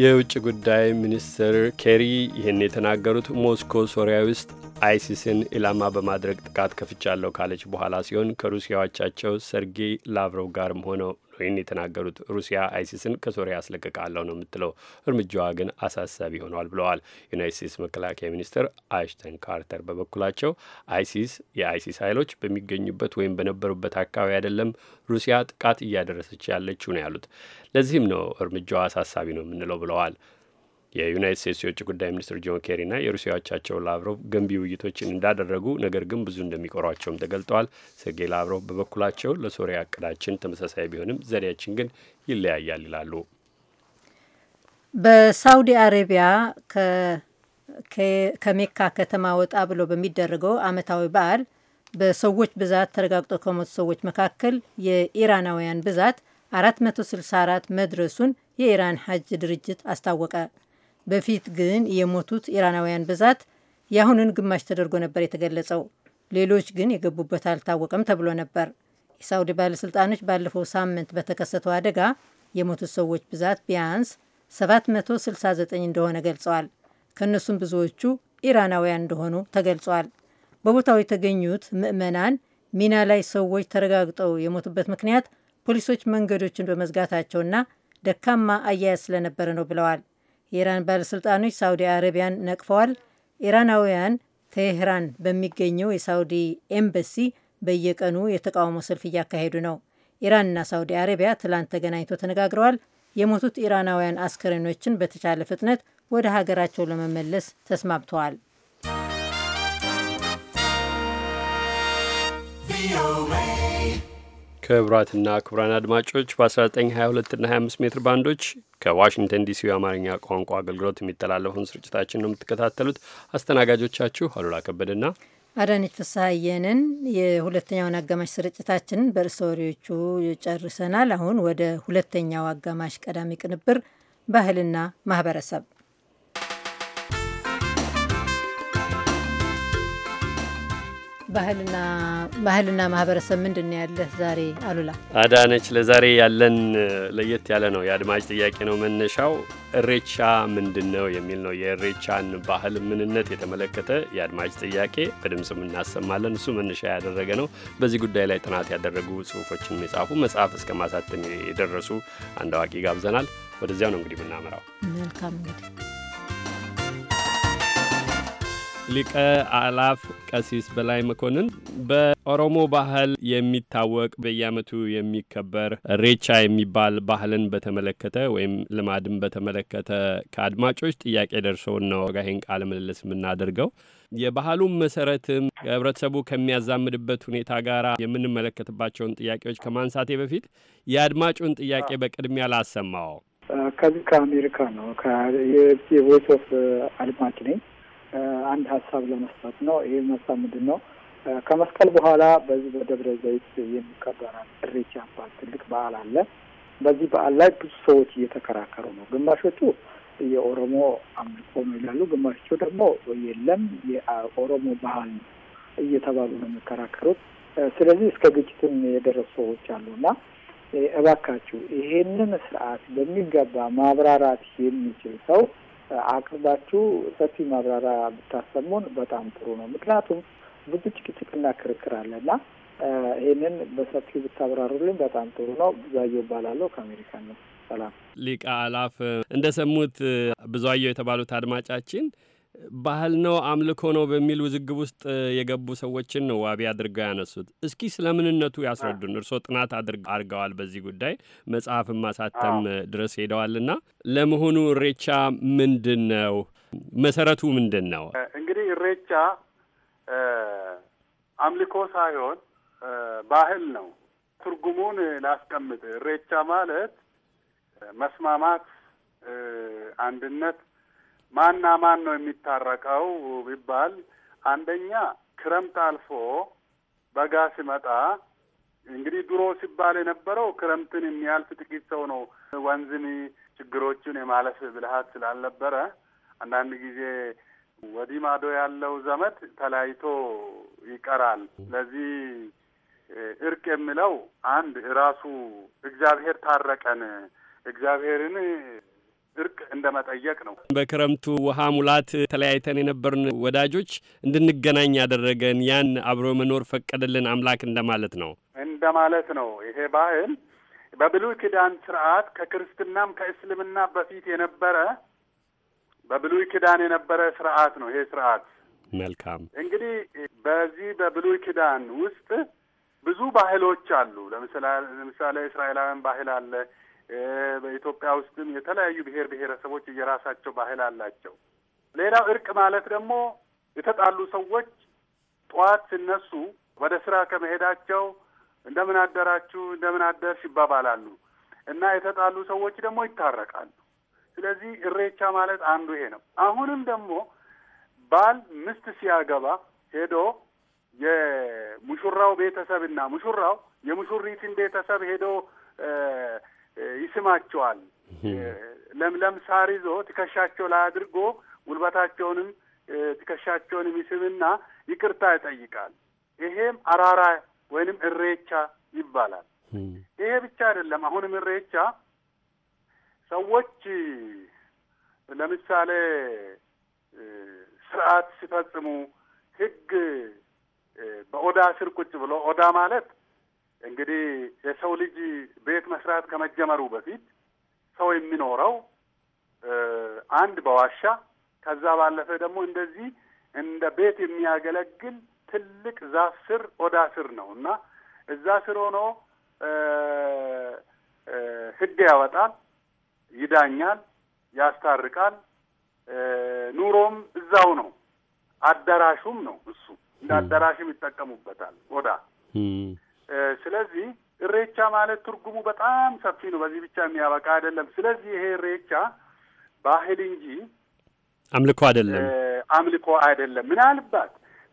የውጭ ጉዳይ ሚኒስትር ኬሪ ይህን የተናገሩት ሞስኮ ሶሪያ ውስጥ አይሲስን ኢላማ በማድረግ ጥቃት ከፍቻለሁ ካለች በኋላ ሲሆን ከሩሲያዎቻቸው ሰርጌይ ላቭሮቭ ጋርም ሆነው ወይን የተናገሩት ሩሲያ አይሲስን ከሶሪያ አስለቅቃለሁ ነው የምትለው፣ እርምጃዋ ግን አሳሳቢ ሆኗል ብለዋል። ዩናይት ስቴትስ መከላከያ ሚኒስትር አሽተን ካርተር በበኩላቸው አይሲስ የአይሲስ ኃይሎች በሚገኙበት ወይም በነበሩበት አካባቢ አይደለም ሩሲያ ጥቃት እያደረሰች ያለችው ነው ያሉት። ለዚህም ነው እርምጃዋ አሳሳቢ ነው የምንለው ብለዋል። የዩናይት ስቴትስ የውጭ ጉዳይ ሚኒስትር ጆን ኬሪና የሩሲያዎቻቸው ላቭሮቭ ገንቢ ውይይቶችን እንዳደረጉ ነገር ግን ብዙ እንደሚቆሯቸውም ተገልጠዋል። ሰርጌይ ላቭሮቭ በበኩላቸው ለሶሪያ እቅዳችን ተመሳሳይ ቢሆንም ዘዴያችን ግን ይለያያል ይላሉ። በሳውዲ አረቢያ ከሜካ ከተማ ወጣ ብሎ በሚደረገው ዓመታዊ በዓል በሰዎች ብዛት ተረጋግጦ ከሞቱ ሰዎች መካከል የኢራናውያን ብዛት 464 መድረሱን የኢራን ሐጅ ድርጅት አስታወቀ። በፊት ግን የሞቱት ኢራናውያን ብዛት የአሁንን ግማሽ ተደርጎ ነበር የተገለጸው። ሌሎች ግን የገቡበት አልታወቀም ተብሎ ነበር። የሳውዲ ባለሥልጣኖች ባለፈው ሳምንት በተከሰተው አደጋ የሞቱት ሰዎች ብዛት ቢያንስ 769 እንደሆነ ገልጸዋል። ከእነሱም ብዙዎቹ ኢራናውያን እንደሆኑ ተገልጿል። በቦታው የተገኙት ምዕመናን ሚና ላይ ሰዎች ተረጋግጠው የሞቱበት ምክንያት ፖሊሶች መንገዶችን በመዝጋታቸውና ደካማ አያያዝ ስለነበረ ነው ብለዋል። የኢራን ባለሥልጣኖች ሳውዲ አረቢያን ነቅፈዋል። ኢራናውያን ቴህራን በሚገኘው የሳውዲ ኤምበሲ በየቀኑ የተቃውሞ ሰልፍ እያካሄዱ ነው። ኢራንና ሳውዲ አረቢያ ትላንት ተገናኝተው ተነጋግረዋል። የሞቱት ኢራናውያን አስከሬኖችን በተቻለ ፍጥነት ወደ ሀገራቸው ለመመለስ ተስማምተዋል። ክቡራትና ክቡራን አድማጮች በ1922 እና 25 ሜትር ባንዶች ከዋሽንግተን ዲሲ የአማርኛ ቋንቋ አገልግሎት የሚተላለፈውን ስርጭታችን ነው የምትከታተሉት። አስተናጋጆቻችሁ አሉላ ከበደና አዳነች ፍስሐየንን። የሁለተኛውን አጋማሽ ስርጭታችንን በርዕሰ ወሬዎቹ ጨርሰናል። አሁን ወደ ሁለተኛው አጋማሽ ቀዳሚ ቅንብር ባህልና ማህበረሰብ ባህልና ማህበረሰብ ምንድን ነው ያለህ ዛሬ አሉላ? አዳነች፣ ለዛሬ ያለን ለየት ያለ ነው። የአድማጭ ጥያቄ ነው መነሻው። እሬቻ ምንድን ነው የሚል ነው። የእሬቻን ባህል ምንነት የተመለከተ የአድማጭ ጥያቄ በድምፅም እናሰማለን። እሱ መነሻ ያደረገ ነው። በዚህ ጉዳይ ላይ ጥናት ያደረጉ ጽሁፎችን የጻፉ መጽሐፍ እስከ ማሳተም የደረሱ አንድ አዋቂ ጋብዘናል። ወደዚያው ነው እንግዲህ የምናመራው። መልካም እንግዲህ ሊቀ አላፍ ቀሲስ በላይ መኮንን በኦሮሞ ባህል የሚታወቅ በየዓመቱ የሚከበር ሬቻ የሚባል ባህልን በተመለከተ ወይም ልማድን በተመለከተ ከአድማጮች ጥያቄ ደርሰውን ነው ጋሄን ቃለ ምልልስ የምናደርገው። የባህሉም መሰረትም ህብረተሰቡ ከሚያዛምድበት ሁኔታ ጋር የምንመለከትባቸውን ጥያቄዎች ከማንሳቴ በፊት የአድማጩን ጥያቄ በቅድሚያ ላሰማው። ከዚህ ከአሜሪካ ነው። የቮይስ ኦፍ አድማጭ ነኝ። አንድ ሀሳብ ለመስጠት ነው። ይህ ሀሳብ ምንድን ነው? ከመስቀል በኋላ በዚህ በደብረ ዘይት የሚከበራል ኢሬቻ ይባል ትልቅ በዓል አለ። በዚህ በዓል ላይ ብዙ ሰዎች እየተከራከሩ ነው። ግማሾቹ የኦሮሞ አምልኮ ነው ይላሉ፣ ግማሾቹ ደግሞ የለም የኦሮሞ ባህል ነው እየተባሉ ነው የሚከራከሩት። ስለዚህ እስከ ግጭትም የደረሱ ሰዎች አሉና እባካችሁ ይሄንን ስርዓት በሚገባ ማብራራት የሚችል ሰው አቅርባችሁ ሰፊ ማብራሪያ ብታሰሙን በጣም ጥሩ ነው። ምክንያቱም ብዙ ጭቅጭቅና ክርክር አለና ይህንን በሰፊው ብታብራሩልን በጣም ጥሩ ነው። ብዙአየሁ እባላለሁ ከአሜሪካ ነው። ሰላም ሊቀ አላፍ እንደሰሙት ብዙአየሁ የተባሉት አድማጫችን ባህል ነው አምልኮ ነው በሚል ውዝግብ ውስጥ የገቡ ሰዎችን ነው ዋቢ አድርገው ያነሱት። እስኪ ስለምንነቱ ያስረዱን። እርስዎ ጥናት አድርገዋል በዚህ ጉዳይ መጽሐፍን ማሳተም ድረስ ሄደዋልና ለመሆኑ እሬቻ ምንድን ነው? መሰረቱ ምንድን ነው? እንግዲህ እሬቻ አምልኮ ሳይሆን ባህል ነው። ትርጉሙን ላስቀምጥ። እሬቻ ማለት መስማማት፣ አንድነት ማና ማን ነው የሚታረቀው ቢባል አንደኛ ክረምት አልፎ በጋ ሲመጣ እንግዲህ ድሮ ሲባል የነበረው ክረምትን የሚያልፍ ጥቂት ሰው ነው ወንዝን ችግሮችን የማለፍ ብልሃት ስላልነበረ አንዳንድ ጊዜ ወዲህ ማዶ ያለው ዘመድ ተለያይቶ ይቀራል። ስለዚህ እርቅ የሚለው አንድ ራሱ እግዚአብሔር ታረቀን፣ እግዚአብሔርን እርቅ እንደ መጠየቅ ነው። በክረምቱ ውሃ ሙላት ተለያይተን የነበርን ወዳጆች እንድንገናኝ ያደረገን ያን አብሮ መኖር ፈቀደልን አምላክ እንደማለት ነው እንደማለት ነው። ይሄ ባህል በብሉይ ኪዳን ስርዓት ከክርስትናም ከእስልምና በፊት የነበረ በብሉይ ኪዳን የነበረ ስርዓት ነው። ይሄ ስርዓት መልካም እንግዲህ በዚህ በብሉይ ኪዳን ውስጥ ብዙ ባህሎች አሉ። ለምሳሌ እስራኤላውያን ባህል አለ፣ በኢትዮጵያ ውስጥም የተለያዩ ብሔር ብሔረሰቦች የራሳቸው ባህል አላቸው። ሌላው እርቅ ማለት ደግሞ የተጣሉ ሰዎች ጠዋት ሲነሱ ወደ ስራ ከመሄዳቸው እንደምን አደራችሁ፣ እንደምን አደርሽ ይባባላሉ እና የተጣሉ ሰዎች ደግሞ ይታረቃሉ። ስለዚህ እሬቻ ማለት አንዱ ይሄ ነው። አሁንም ደግሞ ባል ምስት ሲያገባ ሄዶ የሙሹራው ቤተሰብና ሙሹራው የሙሹሪትን ቤተሰብ ሄዶ ይስማቸዋል። ለምለም ሳር ይዞ ትከሻቸው ላይ አድርጎ ጉልበታቸውንም ትከሻቸውንም ይስብና ይቅርታ ይጠይቃል። ይሄም አራራ ወይንም እሬቻ ይባላል። ይሄ ብቻ አይደለም። አሁንም እሬቻ ሰዎች ለምሳሌ ስርዓት ሲፈጽሙ ህግ በኦዳ ስር ቁጭ ብሎ ኦዳ ማለት እንግዲህ የሰው ልጅ ቤት መስራት ከመጀመሩ በፊት ሰው የሚኖረው አንድ በዋሻ ከዛ ባለፈ ደግሞ እንደዚህ እንደ ቤት የሚያገለግል ትልቅ ዛፍ ስር ኦዳ ስር ነው እና እዛ ስር ሆኖ ሕግ ያወጣል፣ ይዳኛል፣ ያስታርቃል። ኑሮም እዛው ነው። አዳራሹም ነው እሱ እንደ አዳራሽም ይጠቀሙበታል ኦዳ ስለዚህ እሬቻ ማለት ትርጉሙ በጣም ሰፊ ነው። በዚህ ብቻ የሚያበቃ አይደለም። ስለዚህ ይሄ እሬቻ ባህል እንጂ አምልኮ አይደለም፣ አምልኮ አይደለም። ምናልባት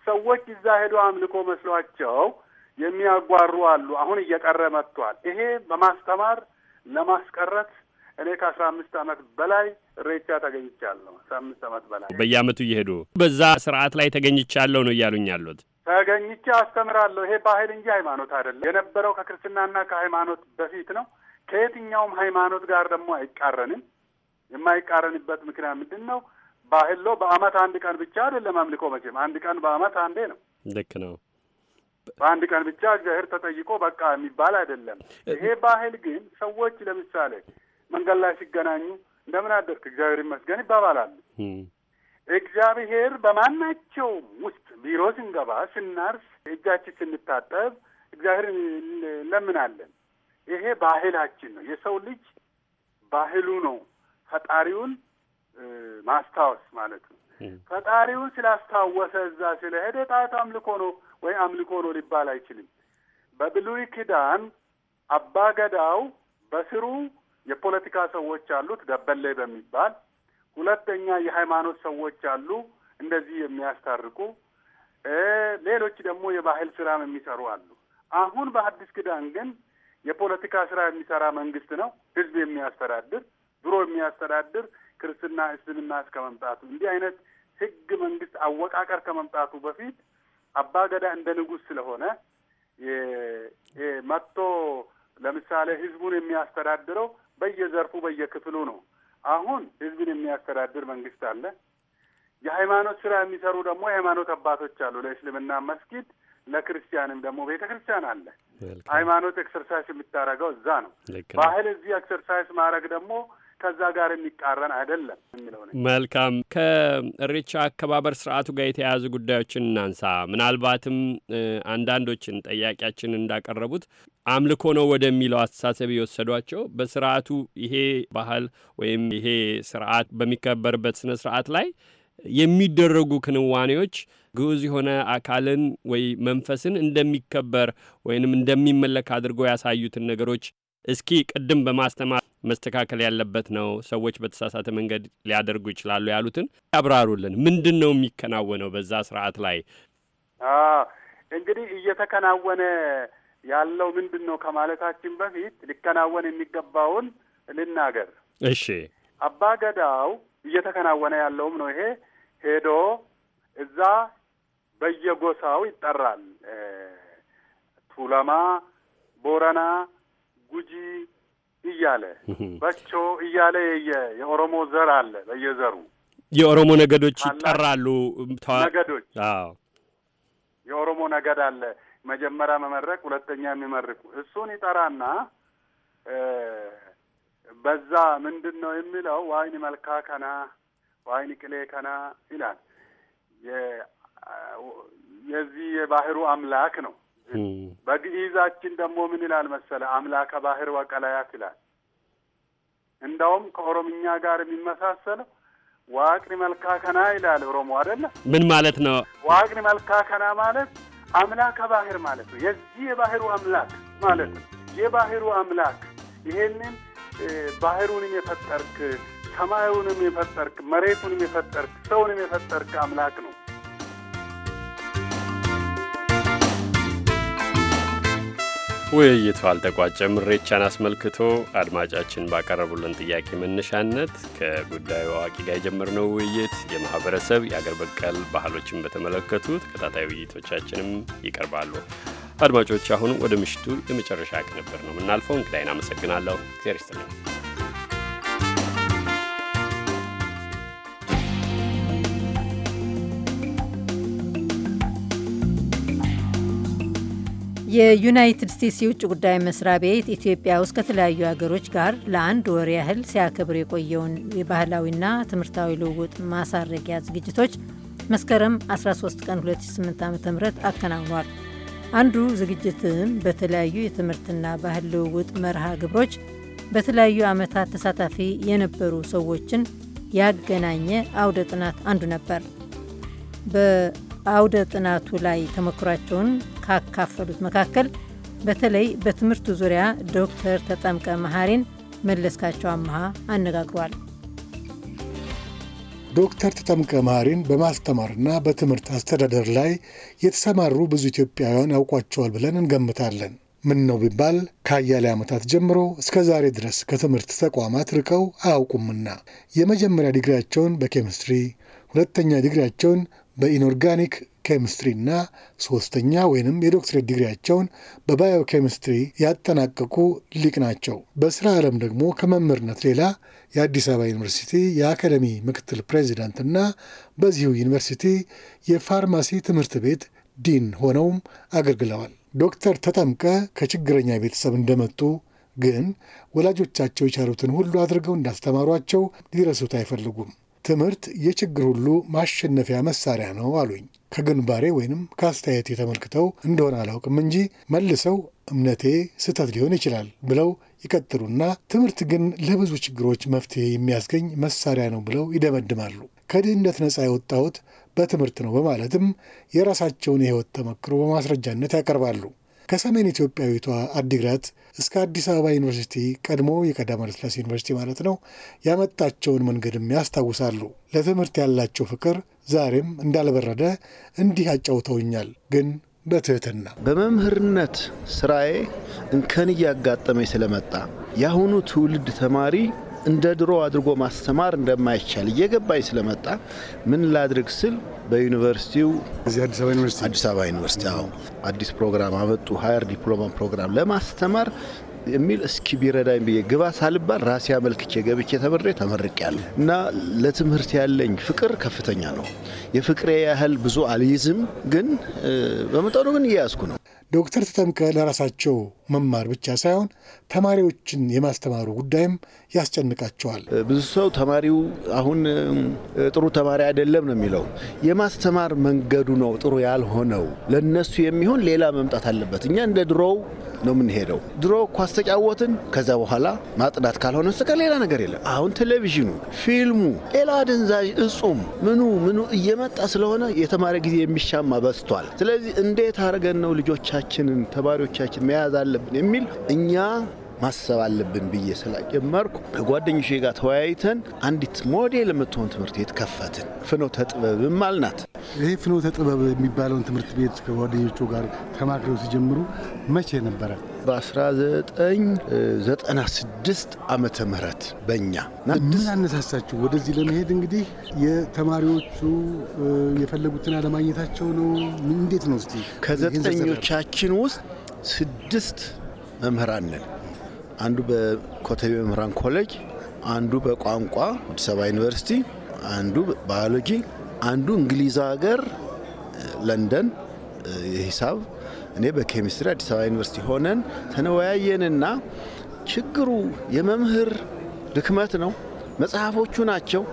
ሰዎች እዛ ሄዶ አምልኮ መስሏቸው የሚያጓሩ አሉ። አሁን እየቀረ መጥቷል። ይሄ በማስተማር ለማስቀረት እኔ ከአስራ አምስት አመት በላይ ሬቻ ተገኝቻለሁ። አስራ አምስት አመት በላይ በየአመቱ እየሄዱ በዛ ስርዓት ላይ ተገኝቻለሁ ነው እያሉኝ ያሉት ተገኝቼ አስተምራለሁ። ይሄ ባህል እንጂ ሃይማኖት አይደለም። የነበረው ከክርስትናና ከሃይማኖት በፊት ነው። ከየትኛውም ሃይማኖት ጋር ደግሞ አይቃረንም። የማይቃረንበት ምክንያት ምንድን ነው? ባህል ነው። በአመት አንድ ቀን ብቻ አይደለም አምልኮ። መቼም አንድ ቀን በአመት አንዴ ነው። ልክ ነው። በአንድ ቀን ብቻ እግዚአብሔር ተጠይቆ በቃ የሚባል አይደለም። ይሄ ባህል ግን ሰዎች ለምሳሌ መንገድ ላይ ሲገናኙ እንደምን አደርክ፣ እግዚአብሔር ይመስገን ይባባላል። እግዚአብሔር በማናቸው ውስጥ ቢሮ ስንገባ፣ ስናርስ፣ እጃችን ስንታጠብ እግዚአብሔር እንለምናለን። ይሄ ባህላችን ነው። የሰው ልጅ ባህሉ ነው ፈጣሪውን ማስታወስ ማለት ነው። ፈጣሪውን ስላስታወሰ እዛ ስለሄደ ጣት አምልኮ ነው ወይ አምልኮ ነው ሊባል አይችልም። በብሉይ ኪዳን አባገዳው በስሩ የፖለቲካ ሰዎች አሉት ደበሌ በሚባል ሁለተኛ የሃይማኖት ሰዎች አሉ እንደዚህ የሚያስታርቁ፣ ሌሎች ደግሞ የባህል ስራም የሚሰሩ አሉ። አሁን በአዲስ ኪዳን ግን የፖለቲካ ስራ የሚሰራ መንግስት ነው ህዝብ የሚያስተዳድር ድሮ የሚያስተዳድር ክርስትና እስልምና እስከ መምጣቱ እንዲህ አይነት ህግ መንግስት አወቃቀር ከመምጣቱ በፊት አባ ገዳ እንደ ንጉስ ስለሆነ መጥቶ ለምሳሌ ህዝቡን የሚያስተዳድረው በየዘርፉ በየክፍሉ ነው። አሁን ህዝብን የሚያስተዳድር መንግስት አለ። የሃይማኖት ስራ የሚሰሩ ደግሞ የሃይማኖት አባቶች አሉ። ለእስልምና መስጊድ፣ ለክርስቲያንም ደግሞ ቤተ ክርስቲያን አለ። ሃይማኖት ኤክሰርሳይዝ የምታደርገው እዛ ነው። ባህል እዚህ ኤክሰርሳይዝ ማድረግ ደግሞ ከዛ ጋር የሚቃረን አይደለም የሚለው መልካም። ከእሬቻ አከባበር ስርዓቱ ጋር የተያያዙ ጉዳዮችን እናንሳ። ምናልባትም አንዳንዶችን ጠያቂያችን እንዳቀረቡት አምልኮ ነው ወደሚለው አስተሳሰብ የወሰዷቸው በስርዓቱ ይሄ ባህል ወይም ይሄ ስርዓት በሚከበርበት ስነ ስርዓት ላይ የሚደረጉ ክንዋኔዎች ግዑዝ የሆነ አካልን ወይ መንፈስን እንደሚከበር ወይንም እንደሚመለክ አድርገው ያሳዩትን ነገሮች እስኪ ቅድም በማስተማር መስተካከል ያለበት ነው፣ ሰዎች በተሳሳተ መንገድ ሊያደርጉ ይችላሉ ያሉትን ያብራሩልን። ምንድን ነው የሚከናወነው በዛ ስርዓት ላይ? እንግዲህ እየተከናወነ ያለው ምንድን ነው ከማለታችን በፊት ሊከናወን የሚገባውን ልናገር። እሺ። አባ ገዳው እየተከናወነ ያለውም ነው ይሄ። ሄዶ እዛ በየጎሳው ይጠራል። ቱለማ፣ ቦረና፣ ጉጂ እያለ በቾ እያለ የኦሮሞ ዘር አለ። በየዘሩ የኦሮሞ ነገዶች ይጠራሉ። ነገዶች የኦሮሞ ነገድ አለ። መጀመሪያ መመረቅ፣ ሁለተኛ የሚመርቁ እሱን ይጠራና በዛ ምንድን ነው የሚለው ዋይን መልካ ከና ዋይን ቅሌ ከና ይላል። የዚህ የባህሩ አምላክ ነው። በግዕዛችን ደግሞ ምን ይላል መሰለ? አምላከ ባህር ወቀላያት ይላል። እንደውም ከኦሮምኛ ጋር የሚመሳሰለው ዋቅኒ መልካከና ይላል ኦሮሞ አይደለ? ምን ማለት ነው? ዋቅኒ መልካ ከና ማለት አምላከ ባህር ማለት ነው። የዚህ የባህሩ አምላክ ማለት ነው። የባህሩ አምላክ ይሄንን ባህሩንም የፈጠርክ ሰማዩንም የፈጠርክ መሬቱንም የፈጠርክ ሰውንም የፈጠርክ አምላክ ነው። ውይይቱ አልተቋጨም። ምሬቻን አስመልክቶ አድማጫችን ባቀረቡልን ጥያቄ መነሻነት ከጉዳዩ አዋቂ ጋር የጀመርነው ውይይት የማህበረሰብ የአገር በቀል ባህሎችን በተመለከቱ ተከታታይ ውይይቶቻችንም ይቀርባሉ። አድማጮች አሁን ወደ ምሽቱ የመጨረሻ ቅንብር ነው የምናልፈው። እንግዳይን አመሰግናለሁ። እግዚአብሔር ይስጥልኝ። የዩናይትድ ስቴትስ የውጭ ጉዳይ መስሪያ ቤት ኢትዮጵያ ውስጥ ከተለያዩ ሀገሮች ጋር ለአንድ ወር ያህል ሲያከብር የቆየውን የባህላዊና ትምህርታዊ ልውውጥ ማሳረጊያ ዝግጅቶች መስከረም 13 ቀን 2008 ዓ.ም አከናውኗል። አንዱ ዝግጅትም በተለያዩ የትምህርትና ባህል ልውውጥ መርሃ ግብሮች በተለያዩ ዓመታት ተሳታፊ የነበሩ ሰዎችን ያገናኘ አውደ ጥናት አንዱ ነበር። አውደ ጥናቱ ላይ ተሞክሯቸውን ካካፈሉት መካከል በተለይ በትምህርቱ ዙሪያ ዶክተር ተጠምቀ መሐሪን መለስካቸው አመሃ አነጋግሯል። ዶክተር ተጠምቀ መሐሪን በማስተማርና በትምህርት አስተዳደር ላይ የተሰማሩ ብዙ ኢትዮጵያውያን ያውቋቸዋል ብለን እንገምታለን። ምን ነው ቢባል ከአያሌ ዓመታት ጀምሮ እስከ ዛሬ ድረስ ከትምህርት ተቋማት ርቀው አያውቁምና የመጀመሪያ ዲግሪያቸውን በኬሚስትሪ ሁለተኛ ዲግሪያቸውን በኢንኦርጋኒክ ኬሚስትሪና ሶስተኛ ወይንም የዶክትሬት ዲግሪያቸውን በባዮ ኬሚስትሪ ያጠናቀቁ ሊቅ ናቸው። በስራ ዓለም ደግሞ ከመምህርነት ሌላ የአዲስ አበባ ዩኒቨርሲቲ የአካደሚ ምክትል እና በዚሁ ዩኒቨርሲቲ የፋርማሲ ትምህርት ቤት ዲን ሆነውም አገልግለዋል። ዶክተር ተጠምቀ ከችግረኛ ቤተሰብ እንደመጡ ግን ወላጆቻቸው የቻሉትን ሁሉ አድርገው እንዳስተማሯቸው ሊረሱት አይፈልጉም። ትምህርት የችግር ሁሉ ማሸነፊያ መሳሪያ ነው አሉኝ። ከግንባሬ ወይንም ከአስተያየቴ ተመልክተው እንደሆነ አላውቅም እንጂ መልሰው እምነቴ ስህተት ሊሆን ይችላል ብለው ይቀጥሉና ትምህርት ግን ለብዙ ችግሮች መፍትሄ የሚያስገኝ መሳሪያ ነው ብለው ይደመድማሉ። ከድህነት ነፃ የወጣሁት በትምህርት ነው በማለትም የራሳቸውን የህይወት ተመክሮ በማስረጃነት ያቀርባሉ። ከሰሜን ኢትዮጵያዊቷ አዲግራት እስከ አዲስ አበባ ዩኒቨርሲቲ ቀድሞ የቀዳማዊ ኃይለ ሥላሴ ዩኒቨርሲቲ ማለት ነው ያመጣቸውን መንገድም ያስታውሳሉ። ለትምህርት ያላቸው ፍቅር ዛሬም እንዳልበረደ እንዲህ አጫውተውኛል። ግን በትህትና በመምህርነት ስራዬ እንከን እያጋጠመኝ ስለመጣ የአሁኑ ትውልድ ተማሪ እንደ ድሮ አድርጎ ማስተማር እንደማይቻል እየገባኝ ስለመጣ ምን ላድርግ ስል በዩኒቨርሲቲው እዚህ አዲስ አበባ ዩኒቨርሲቲ አዲስ አበባ ዩኒቨርሲቲ አዎ አዲስ ፕሮግራም አመጡ። ሀየር ዲፕሎማ ፕሮግራም ለማስተማር የሚል እስኪ ቢረዳኝ ብዬ ግባ ሳልባል ራሴ አመልክቼ ገብቼ ተምሬ ተመርቄያለሁ እና ለትምህርት ያለኝ ፍቅር ከፍተኛ ነው። የፍቅሬ ያህል ብዙ አልይዝም፣ ግን በመጠኑ ግን እየያዝኩ ነው። ዶክተር ተጠምቀ ለራሳቸው መማር ብቻ ሳይሆን ተማሪዎችን የማስተማሩ ጉዳይም ያስጨንቃቸዋል። ብዙ ሰው ተማሪው አሁን ጥሩ ተማሪ አይደለም ነው የሚለው። የማስተማር መንገዱ ነው ጥሩ ያልሆነው። ለነሱ የሚሆን ሌላ መምጣት አለበት። እኛ እንደ ድሮው ነው የምንሄደው። ድሮ ኳስ ተጫወትን፣ ከዛ በኋላ ማጥናት ካልሆነ በስተቀር ሌላ ነገር የለም። አሁን ቴሌቪዥኑ፣ ፊልሙ፣ ሌላ አደንዛዥ እጹም ምኑ ምኑ እየመጣ ስለሆነ የተማሪ ጊዜ የሚሻማ በዝቷል። ስለዚህ እንዴት አድርገን ነው ልጆቻችንን ተማሪዎቻችን መያዝ አለብን የሚል እኛ ማሰብ አለብን ብዬ ስላጀመርኩ ከጓደኞች ጋር ተወያይተን አንዲት ሞዴል የምትሆን ትምህርት ቤት ከፈትን። ፍኖተ ጥበብም አልናት። ይህ ፍኖተ ጥበብ የሚባለውን ትምህርት ቤት ከጓደኞቹ ጋር ተማክረው ሲጀምሩ መቼ ነበረ? በ1996 ዓመተ ምህረት በእኛ ምን አነሳሳችሁ ወደዚህ ለመሄድ? እንግዲህ የተማሪዎቹ የፈለጉትን አለማግኘታቸው ነው። እንዴት ነው እስቲ ከዘጠኞቻችን ውስጥ ስድስት መምህራን ነን። አንዱ በኮተቤ መምህራን ኮሌጅ፣ አንዱ በቋንቋ አዲስ አበባ ዩኒቨርሲቲ፣ አንዱ ባዮሎጂ፣ አንዱ እንግሊዝ ሀገር ለንደን የሂሳብ እኔ በኬሚስትሪ አዲስ አበባ ዩኒቨርሲቲ ሆነን ተነወያየንና ችግሩ የመምህር ድክመት ነው፣ መጽሐፎቹ ናቸው፣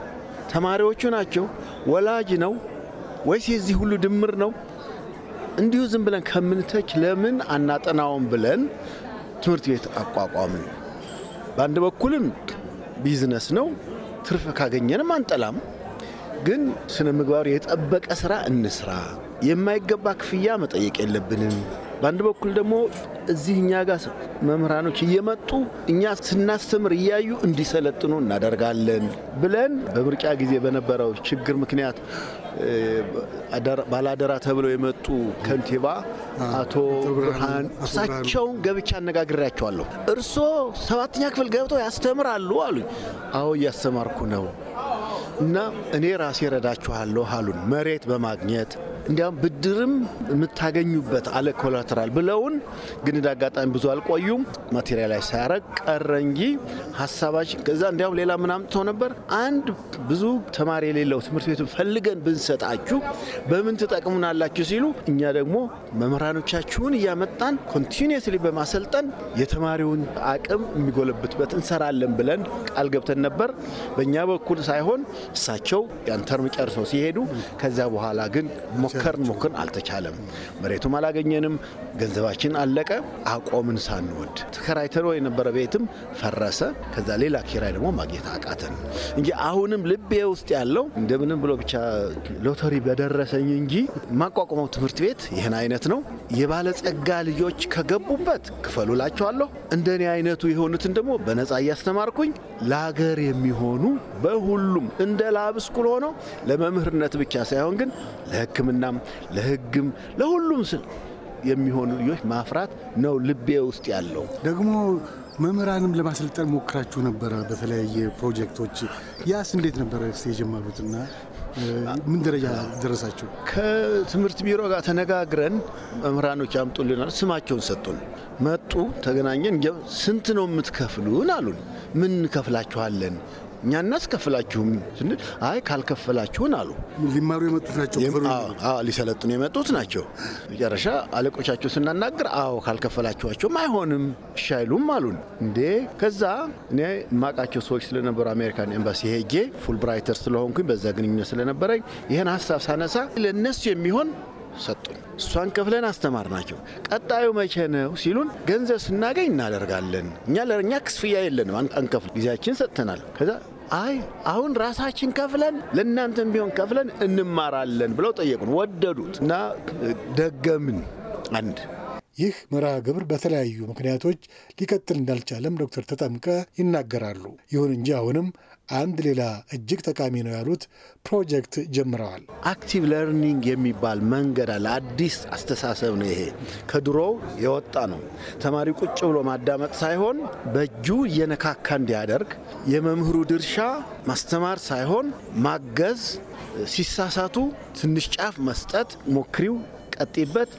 ተማሪዎቹ ናቸው፣ ወላጅ ነው ወይስ የዚህ ሁሉ ድምር ነው? እንዲሁ ዝም ብለን ከምንተች ለምን አናጠናውም ብለን ትምህርት ቤት አቋቋም በአንድ በኩልም ቢዝነስ ነው፣ ትርፍ ካገኘንም አንጠላም። ግን ስነ ምግባሩ የጠበቀ ስራ እንስራ፣ የማይገባ ክፍያ መጠየቅ የለብንም። በአንድ በኩል ደግሞ እዚህ እኛ ጋር መምህራኖች እየመጡ እኛ ስናስተምር እያዩ እንዲሰለጥኑ እናደርጋለን ብለን በምርጫ ጊዜ በነበረው ችግር ምክንያት ባላደራ ተብለው የመጡ ከንቲባ አቶ ብርሃን እሳቸውን ገብቻ አነጋግሬያቸዋለሁ። እርስዎ ሰባተኛ ክፍል ገብተው ያስተምራሉ አሉኝ። አዎ እያስተማርኩ ነው እና እኔ ራሴ እረዳችኋለሁ አሉን። መሬት በማግኘት እንዲያውም ብድርም የምታገኙበት አለ ኮላተራል ብለውን፣ ግን እንደ አጋጣሚ ብዙ አልቆዩም። ላይ ሳያረግ ቀረ እንጂ ሀሳባችን ከዛ እንዲያውም ሌላ ምን ነበር። አንድ ብዙ ተማሪ የሌለው ትምህርት ቤት ፈልገን ብንሰ ብንሰጣችሁ በምን ትጠቅሙናላችሁ ሲሉ እኛ ደግሞ መምህራኖቻችሁን እያመጣን ኮንቲኒየስሊ በማሰልጠን የተማሪውን አቅም የሚጎለብትበት እንሰራለን ብለን ቃል ገብተን ነበር። በእኛ በኩል ሳይሆን እሳቸው ያን ተርም ጨርሰው ሲሄዱ፣ ከዚያ በኋላ ግን ሞከርን ሞከርን፣ አልተቻለም። መሬቱም አላገኘንም፣ ገንዘባችን አለቀ። አቆምን ሳንወድ ተከራይተን የነበረ ቤትም ፈረሰ። ከዛ ሌላ ኪራይ ደግሞ ማግኘት አቃተን እንጂ አሁንም ልቤ ውስጥ ያለው እንደምንም ብሎ ብቻ ሎተሪ በደረሰኝ እንጂ ማቋቋመው ትምህርት ቤት ይህን አይነት ነው። የባለጸጋ ልጆች ከገቡበት ክፈሉ ላቸዋለሁ። እንደኔ አይነቱ የሆኑትን ደግሞ በነፃ እያስተማርኩኝ ለሀገር የሚሆኑ በሁሉም እንደ ላብ ስኩል ሆነው ለመምህርነት ብቻ ሳይሆን ግን ለሕክምናም ለሕግም ለሁሉም ስል የሚሆኑ ልጆች ማፍራት ነው ልቤ ውስጥ ያለው። ደግሞ መምህራንም ለማሰልጠን ሞክራችሁ ነበረ በተለያየ ፕሮጀክቶች። ያስ እንዴት ነበረ የጀመሩትና ምን ደረጃ ደረሳችሁ? ከትምህርት ቢሮ ጋር ተነጋግረን መምህራኖች ያምጡልናል። ስማቸውን ሰጡን። መጡ፣ ተገናኘን። ስንት ነው የምትከፍሉን አሉን። ምን እንከፍላችኋለን እኛ እናስከፍላችሁም ስንል አይ ካልከፈላችሁን አሉ። ሊማሩ የመጡት ናቸው፣ ሊሰለጥኑ የመጡት ናቸው። መጨረሻ አለቆቻቸው ስናናገር አዎ ካልከፈላችኋቸውም አይሆንም ሻይሉም አሉን። እንዴ ከዛ እኔ ማቃቸው ሰዎች ስለነበሩ አሜሪካን ኤምባሲ ሄጄ ፉልብራይተር ብራይተር ስለሆንኩኝ በዛ ግንኙነት ስለነበረኝ ይህን ሀሳብ ሳነሳ ለእነሱ የሚሆን ሰጡኝ። እሷን ከፍለን አስተማር ናቸው። ቀጣዩ መቼ ነው ሲሉን ገንዘብ ስናገኝ እናደርጋለን፣ እኛ ለእኛ ክስፍያ የለንም አንከፍል፣ ጊዜያችን ሰጥተናል። ከዛ አይ አሁን ራሳችን ከፍለን ለእናንተም ቢሆን ከፍለን እንማራለን ብለው ጠየቁን። ወደዱት እና ደገምን አንድ ይህ መርሃ ግብር በተለያዩ ምክንያቶች ሊቀጥል እንዳልቻለም ዶክተር ተጠምቀ ይናገራሉ። ይሁን እንጂ አሁንም አንድ ሌላ እጅግ ጠቃሚ ነው ያሉት ፕሮጀክት ጀምረዋል። አክቲቭ ለርኒንግ የሚባል መንገድ አለ። አዲስ አስተሳሰብ ነው ይሄ። ከድሮ የወጣ ነው። ተማሪ ቁጭ ብሎ ማዳመጥ ሳይሆን በእጁ እየነካካ እንዲያደርግ የመምህሩ ድርሻ ማስተማር ሳይሆን ማገዝ፣ ሲሳሳቱ ትንሽ ጫፍ መስጠት፣ ሞክሪው፣ ቀጢበት፣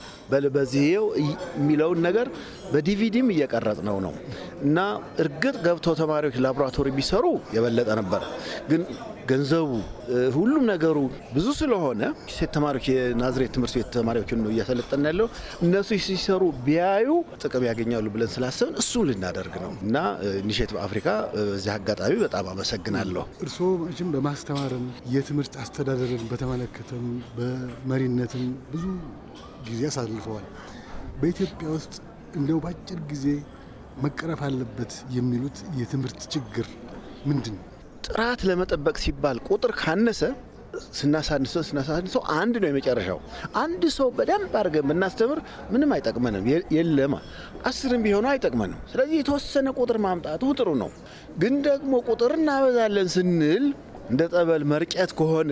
በዚህው የሚለውን ነገር በዲቪዲም እየቀረጽ ነው ነው እና እርግጥ ገብተው ተማሪዎች ላቦራቶሪ ቢሰሩ የበለጠ ነበር ግን ገንዘቡ ሁሉም ነገሩ ብዙ ስለሆነ ሴት ተማሪዎች የናዝሬት ትምህርት ቤት ተማሪዎችን ነው እያሰለጠን ያለው። እነሱ ሲሰሩ ቢያዩ ጥቅም ያገኛሉ ብለን ስላሰብን እሱም ልናደርግ ነው እና ኒሼት በአፍሪካ በዚህ አጋጣሚ በጣም አመሰግናለሁ። እርስዎ መቼም በማስተማርም የትምህርት አስተዳደርን በተመለከተም በመሪነትም ብዙ ጊዜ አሳልፈዋል። በኢትዮጵያ ውስጥ እንደው በአጭር ጊዜ መቀረፍ አለበት የሚሉት የትምህርት ችግር ምንድን ነው? ጥራት ለመጠበቅ ሲባል ቁጥር ካነሰ ስናሳንሰው ስናሳንሰው አንድ ነው የመጨረሻው። አንድ ሰው በደንብ አድርገን ብናስተምር ምንም አይጠቅመንም፣ የለም አስርም ቢሆኑ አይጠቅመንም። ስለዚህ የተወሰነ ቁጥር ማምጣቱ ጥሩ ነው። ግን ደግሞ ቁጥር እናበዛለን ስንል እንደ ጠበል መርቄት ከሆነ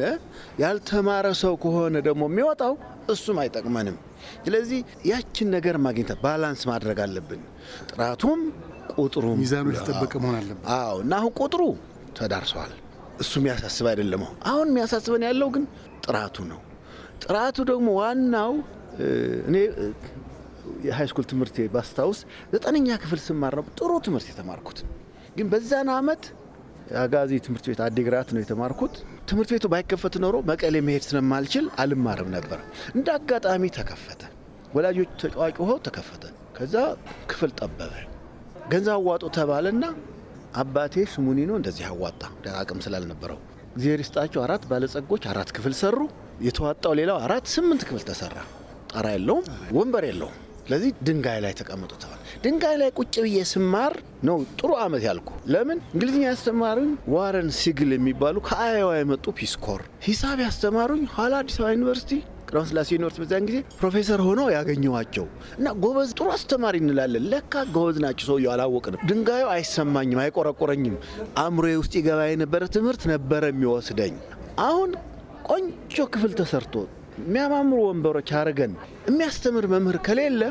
ያልተማረ ሰው ከሆነ ደግሞ የሚወጣው እሱም አይጠቅመንም። ስለዚህ ያችን ነገር ማግኘት ባላንስ ማድረግ አለብን። ጥራቱም ቁጥሩ ሚዛኑ የተጠበቀ መሆን አለብን። አዎ እና አሁን ቁጥሩ ተዳርሰዋል። እሱ የሚያሳስብ አይደለም። አሁን የሚያሳስበን ያለው ግን ጥራቱ ነው። ጥራቱ ደግሞ ዋናው እኔ የሃይስኩል ትምህርት ባስታውስ ዘጠነኛ ክፍል ስማር ነው ጥሩ ትምህርት የተማርኩት። ግን በዛን አመት አጋዚ ትምህርት ቤት አዲግራት ነው የተማርኩት። ትምህርት ቤቱ ባይከፈት ኖሮ መቀሌ መሄድ ስለማልችል አልማርም ነበር። እንደ አጋጣሚ ተከፈተ። ወላጆች ተጫዋቂ ሆ ተከፈተ። ከዛ ክፍል ጠበበ። ገንዘብ አዋጡ ተባለና አባቴ ነው እንደዚህ አዋጣ። አቅም ስላልነበረው እግዚአብሔር ይስጣቸው። አራት ባለጸጎች አራት ክፍል ሰሩ። የተዋጣው ሌላው አራት ስምንት ክፍል ተሰራ። ጣራ የለውም፣ ወንበር የለውም። ስለዚህ ድንጋይ ላይ ተቀመጡ ተባለ። ድንጋይ ላይ ቁጭ ብዬ ስማር ነው ጥሩ አመት ያልኩ። ለምን እንግሊዝኛ ያስተማሩኝ ዋረን ሲግል የሚባሉ ከአያዋ የመጡ ፒስኮር፣ ሂሳብ ያስተማሩኝ ኋላ አዲስ አበባ ዩኒቨርሲቲ ቅድመ ስላሴ ዩኒቨርስቲ በዚያን ጊዜ ፕሮፌሰር ሆነው ያገኘዋቸው እና ጎበዝ ጥሩ አስተማሪ እንላለን። ለካ ጎበዝ ናቸው ሰውየው። አላወቅንም። ድንጋዩ አይሰማኝም፣ አይቆረቆረኝም። አእምሮዬ ውስጥ ይገባ የነበረ ትምህርት ነበረ የሚወስደኝ። አሁን ቆንጆ ክፍል ተሰርቶ የሚያማምሩ ወንበሮች አድርገን የሚያስተምር መምህር ከሌለ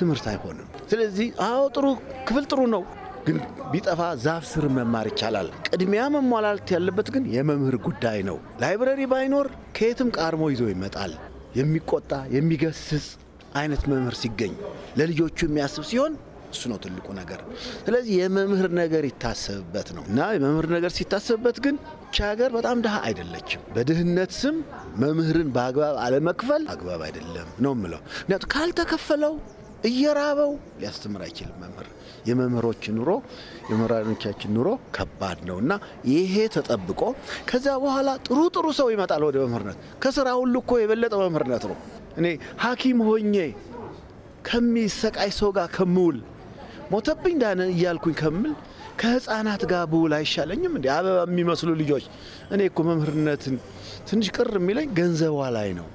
ትምህርት አይሆንም። ስለዚህ አዎ ጥሩ ክፍል ጥሩ ነው፣ ግን ቢጠፋ ዛፍ ስር መማር ይቻላል። ቅድሚያ መሟላት ያለበት ግን የመምህር ጉዳይ ነው። ላይብረሪ ባይኖር ከየትም ቃርሞ ይዞ ይመጣል። የሚቆጣ የሚገስጽ አይነት መምህር ሲገኝ ለልጆቹ የሚያስብ ሲሆን እሱ ነው ትልቁ ነገር። ስለዚህ የመምህር ነገር ይታሰብበት ነው እና የመምህር ነገር ሲታሰብበት ግን ቻ ሀገር በጣም ድሃ አይደለችም። በድህነት ስም መምህርን በአግባብ አለመክፈል አግባብ አይደለም ነው ምለው። ምክንያቱ ካልተከፈለው እየራበው ሊያስተምር አይችልም መምህር። የመምህሮች ኑሮ የመምህራኖቻችን ኑሮ ከባድ ነው እና ይሄ ተጠብቆ ከዚያ በኋላ ጥሩ ጥሩ ሰው ይመጣል ወደ መምህርነት። ከስራ ሁሉ እኮ የበለጠ መምህርነት ነው። እኔ ሐኪም ሆኜ ከሚሰቃይ ሰው ጋር ከምውል ሞተብኝ ዳነ እያልኩኝ ከምል ከህፃናት ጋር ብውል አይሻለኝም? እንዲ አበባ የሚመስሉ ልጆች። እኔ እኮ መምህርነትን ትንሽ ቅር የሚለኝ ገንዘቧ ላይ ነው።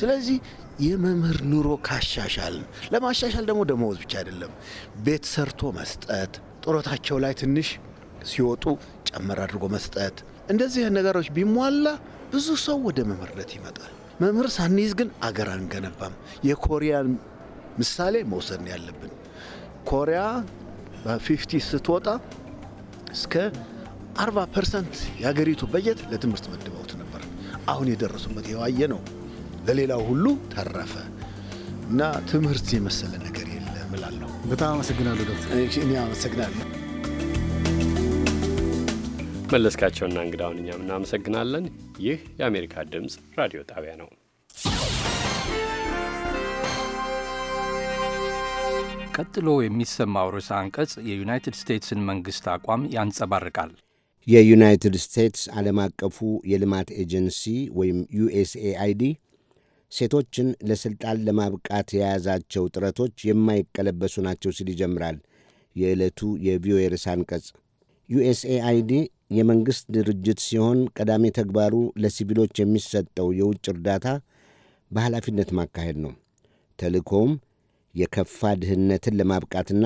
ስለዚህ የመምህር ኑሮ ካሻሻል ለማሻሻል ደግሞ ደመወዝ ብቻ አይደለም፣ ቤት ሰርቶ መስጠት፣ ጡረታቸው ላይ ትንሽ ሲወጡ ጨመር አድርጎ መስጠት፣ እንደዚህ ነገሮች ቢሟላ ብዙ ሰው ወደ መምህርነት ይመጣል። መምህር ሳንይዝ ግን አገር አንገነባም። የኮሪያን ምሳሌ መውሰድ ነው ያለብን። ኮሪያ በፊፍቲ ስትወጣ እስከ 40 ፐርሰንት የሀገሪቱ በጀት ለትምህርት መድበውት ነበር። አሁን የደረሱበት የዋየ ነው። ለሌላው ሁሉ ተረፈ እና ትምህርት የመሰለ ነገር የለም እላለሁ። በጣም አመሰግናለሁ ዶክተር። እኔ አመሰግናለሁ መለስካቸውና እንግዳውን እኛም እናመሰግናለን። ይህ የአሜሪካ ድምፅ ራዲዮ ጣቢያ ነው። ቀጥሎ የሚሰማው ርዕሰ አንቀጽ የዩናይትድ ስቴትስን መንግሥት አቋም ያንጸባርቃል። የዩናይትድ ስቴትስ ዓለም አቀፉ የልማት ኤጀንሲ ወይም ዩኤስኤአይዲ ሴቶችን ለሥልጣን ለማብቃት የያዛቸው ጥረቶች የማይቀለበሱ ናቸው ሲል ይጀምራል የዕለቱ የቪኦኤ ርዕሰ አንቀጽ። ዩኤስኤአይዲ የመንግሥት ድርጅት ሲሆን ቀዳሚ ተግባሩ ለሲቪሎች የሚሰጠው የውጭ እርዳታ በኃላፊነት ማካሄድ ነው። ተልእኮውም የከፋ ድህነትን ለማብቃትና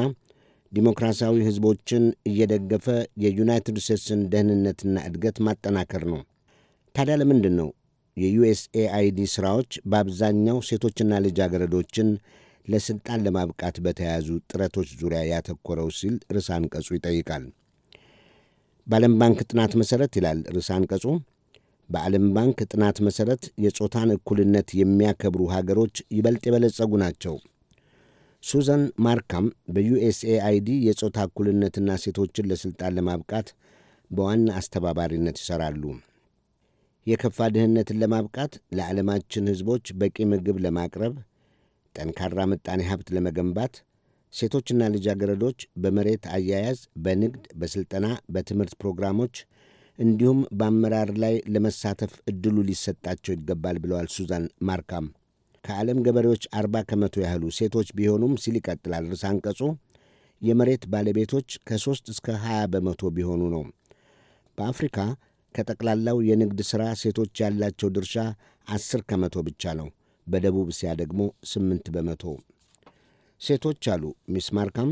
ዲሞክራሲያዊ ሕዝቦችን እየደገፈ የዩናይትድ ስቴትስን ደህንነትና እድገት ማጠናከር ነው። ታዲያ ለምንድን ነው የዩኤስኤአይዲ ሥራዎች በአብዛኛው ሴቶችና ልጃገረዶችን ለሥልጣን ለማብቃት በተያያዙ ጥረቶች ዙሪያ ያተኮረው ሲል ርዕሰ አንቀጹ ይጠይቃል። በዓለም ባንክ ጥናት መሠረት ይላል ርዕሰ አንቀጹ በዓለም ባንክ ጥናት መሠረት የጾታን እኩልነት የሚያከብሩ ሀገሮች ይበልጥ የበለጸጉ ናቸው። ሱዛን ማርካም በዩኤስኤአይዲ የጾታ እኩልነትና ሴቶችን ለሥልጣን ለማብቃት በዋና አስተባባሪነት ይሠራሉ። የከፋ ድህነትን ለማብቃት ለዓለማችን ሕዝቦች በቂ ምግብ ለማቅረብ ጠንካራ ምጣኔ ሀብት ለመገንባት ሴቶችና ልጃገረዶች በመሬት አያያዝ፣ በንግድ፣ በሥልጠና፣ በትምህርት ፕሮግራሞች እንዲሁም በአመራር ላይ ለመሳተፍ ዕድሉ ሊሰጣቸው ይገባል ብለዋል ሱዛን ማርካም። ከዓለም ገበሬዎች አርባ ከመቶ ያህሉ ሴቶች ቢሆኑም ሲል ይቀጥላል ርዕሰ አንቀጹ የመሬት ባለቤቶች ከሦስት እስከ 20 በመቶ ቢሆኑ ነው። በአፍሪካ ከጠቅላላው የንግድ ሥራ ሴቶች ያላቸው ድርሻ ዐሥር ከመቶ ብቻ ነው። በደቡብ እስያ ደግሞ 8 በመቶ ሴቶች አሉ ሚስ ማርካም።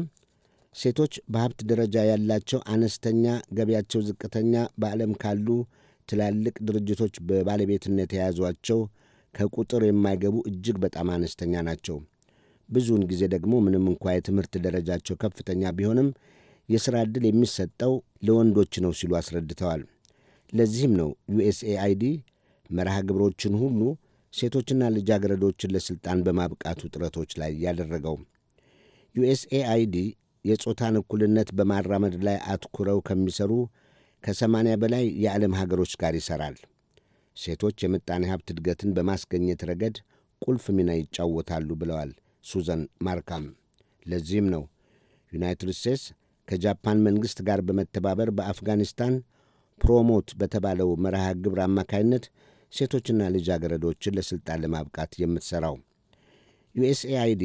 ሴቶች በሀብት ደረጃ ያላቸው አነስተኛ ገቢያቸው ዝቅተኛ በዓለም ካሉ ትላልቅ ድርጅቶች በባለቤትነት የያዟቸው ከቁጥር የማይገቡ እጅግ በጣም አነስተኛ ናቸው። ብዙውን ጊዜ ደግሞ ምንም እንኳ የትምህርት ደረጃቸው ከፍተኛ ቢሆንም የሥራ ዕድል የሚሰጠው ለወንዶች ነው ሲሉ አስረድተዋል። ለዚህም ነው ዩኤስኤአይዲ መርሃ ግብሮችን ሁሉ ሴቶችና ልጃገረዶችን ለሥልጣን በማብቃቱ ጥረቶች ላይ ያደረገው። ዩኤስኤአይዲ የጾታን እኩልነት በማራመድ ላይ አትኩረው ከሚሠሩ ከሰማንያ በላይ የዓለም ሀገሮች ጋር ይሠራል። ሴቶች የምጣኔ ሀብት እድገትን በማስገኘት ረገድ ቁልፍ ሚና ይጫወታሉ ብለዋል ሱዘን ማርካም። ለዚህም ነው ዩናይትድ ስቴትስ ከጃፓን መንግሥት ጋር በመተባበር በአፍጋኒስታን ፕሮሞት በተባለው መርሃ ግብር አማካይነት ሴቶችና ልጃገረዶችን ለሥልጣን ለማብቃት የምትሠራው ዩኤስኤአይዲ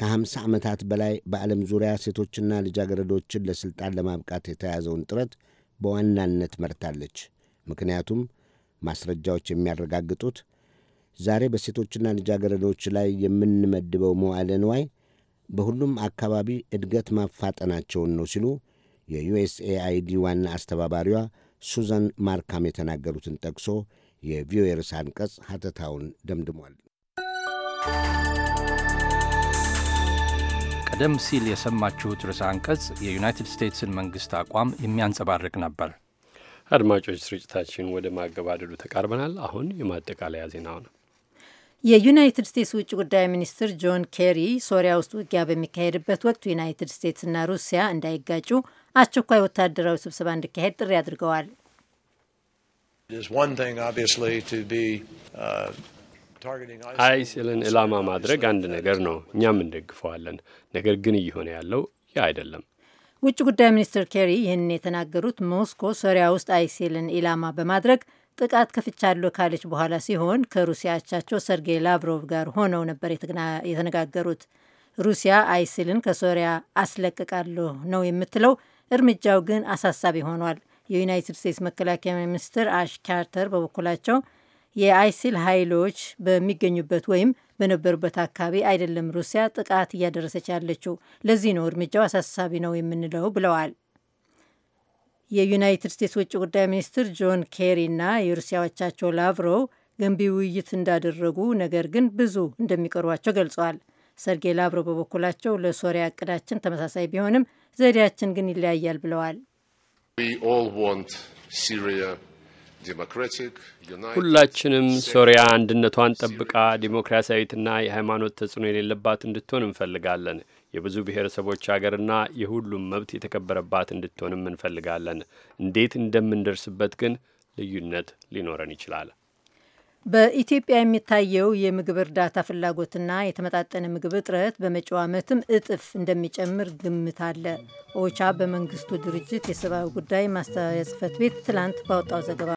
ከ50 ዓመታት በላይ በዓለም ዙሪያ ሴቶችና ልጃገረዶችን ለሥልጣን ለማብቃት የተያዘውን ጥረት በዋናነት መርታለች። ምክንያቱም ማስረጃዎች የሚያረጋግጡት ዛሬ በሴቶችና ልጃገረዶች ላይ የምንመድበው መዋለን ንዋይ በሁሉም አካባቢ እድገት ማፋጠናቸውን ነው ሲሉ የዩኤስኤአይዲ ዋና አስተባባሪዋ ሱዛን ማርካም የተናገሩትን ጠቅሶ የቪኦኤ ርዕሰ አንቀጽ ሀተታውን ደምድሟል። ቀደም ሲል የሰማችሁት ርዕሰ አንቀጽ የዩናይትድ ስቴትስን መንግሥት አቋም የሚያንጸባርቅ ነበር። አድማጮች፣ ስርጭታችን ወደ ማገባደዱ ተቃርበናል። አሁን የማጠቃለያ ዜናው ነው። የዩናይትድ ስቴትስ ውጭ ጉዳይ ሚኒስትር ጆን ኬሪ ሶሪያ ውስጥ ውጊያ በሚካሄድበት ወቅት ዩናይትድ ስቴትስና ሩሲያ እንዳይጋጩ አስቸኳይ ወታደራዊ ስብሰባ እንዲካሄድ ጥሪ አድርገዋል። uh, አይሲልን ዕላማ ማድረግ አንድ ነገር ነው፣ እኛም እንደግፈዋለን። ነገር ግን እየሆነ ያለው ያ አይደለም። ውጭ ጉዳይ ሚኒስትር ኬሪ ይህን የተናገሩት ሞስኮ ሶሪያ ውስጥ አይሲልን ኢላማ በማድረግ ጥቃት ከፍቻለሁ ካለች በኋላ ሲሆን ከሩሲያ አቻቸው ሰርጌይ ላቭሮቭ ጋር ሆነው ነበር የተነጋገሩት። ሩሲያ አይሲልን ከሶሪያ አስለቅቃለሁ ነው የምትለው እርምጃው ግን አሳሳቢ ሆኗል። የዩናይትድ ስቴትስ መከላከያ ሚኒስትር አሽ ካርተር በበኩላቸው የአይሲል ኃይሎች በሚገኙበት ወይም በነበሩበት አካባቢ አይደለም ሩሲያ ጥቃት እያደረሰች ያለችው፣ ለዚህ ነው እርምጃው አሳሳቢ ነው የምንለው ብለዋል። የዩናይትድ ስቴትስ ውጭ ጉዳይ ሚኒስትር ጆን ኬሪ እና የሩሲያ አቻቸው ላቭሮቭ ገንቢ ውይይት እንዳደረጉ፣ ነገር ግን ብዙ እንደሚቀሯቸው ገልጸዋል። ሰርጌይ ላቭሮቭ በበኩላቸው ለሶሪያ እቅዳችን ተመሳሳይ ቢሆንም ዘዴያችን ግን ይለያያል ብለዋል። ሁላችንም ሶሪያ አንድነቷን ጠብቃ ዲሞክራሲያዊትና የሃይማኖት ተጽዕኖ የሌለባት እንድትሆን እንፈልጋለን። የብዙ ብሔረሰቦች አገርና የሁሉም መብት የተከበረባት እንድትሆንም እንፈልጋለን። እንዴት እንደምንደርስበት ግን ልዩነት ሊኖረን ይችላል። በኢትዮጵያ የሚታየው የምግብ እርዳታ ፍላጎትና የተመጣጠነ ምግብ እጥረት በመጪው ዓመትም እጥፍ እንደሚጨምር ግምት አለ። ኦቻ በመንግስቱ ድርጅት የሰብአዊ ጉዳይ ማስተባበሪያ ጽፈት ቤት ትላንት ባወጣው ዘገባ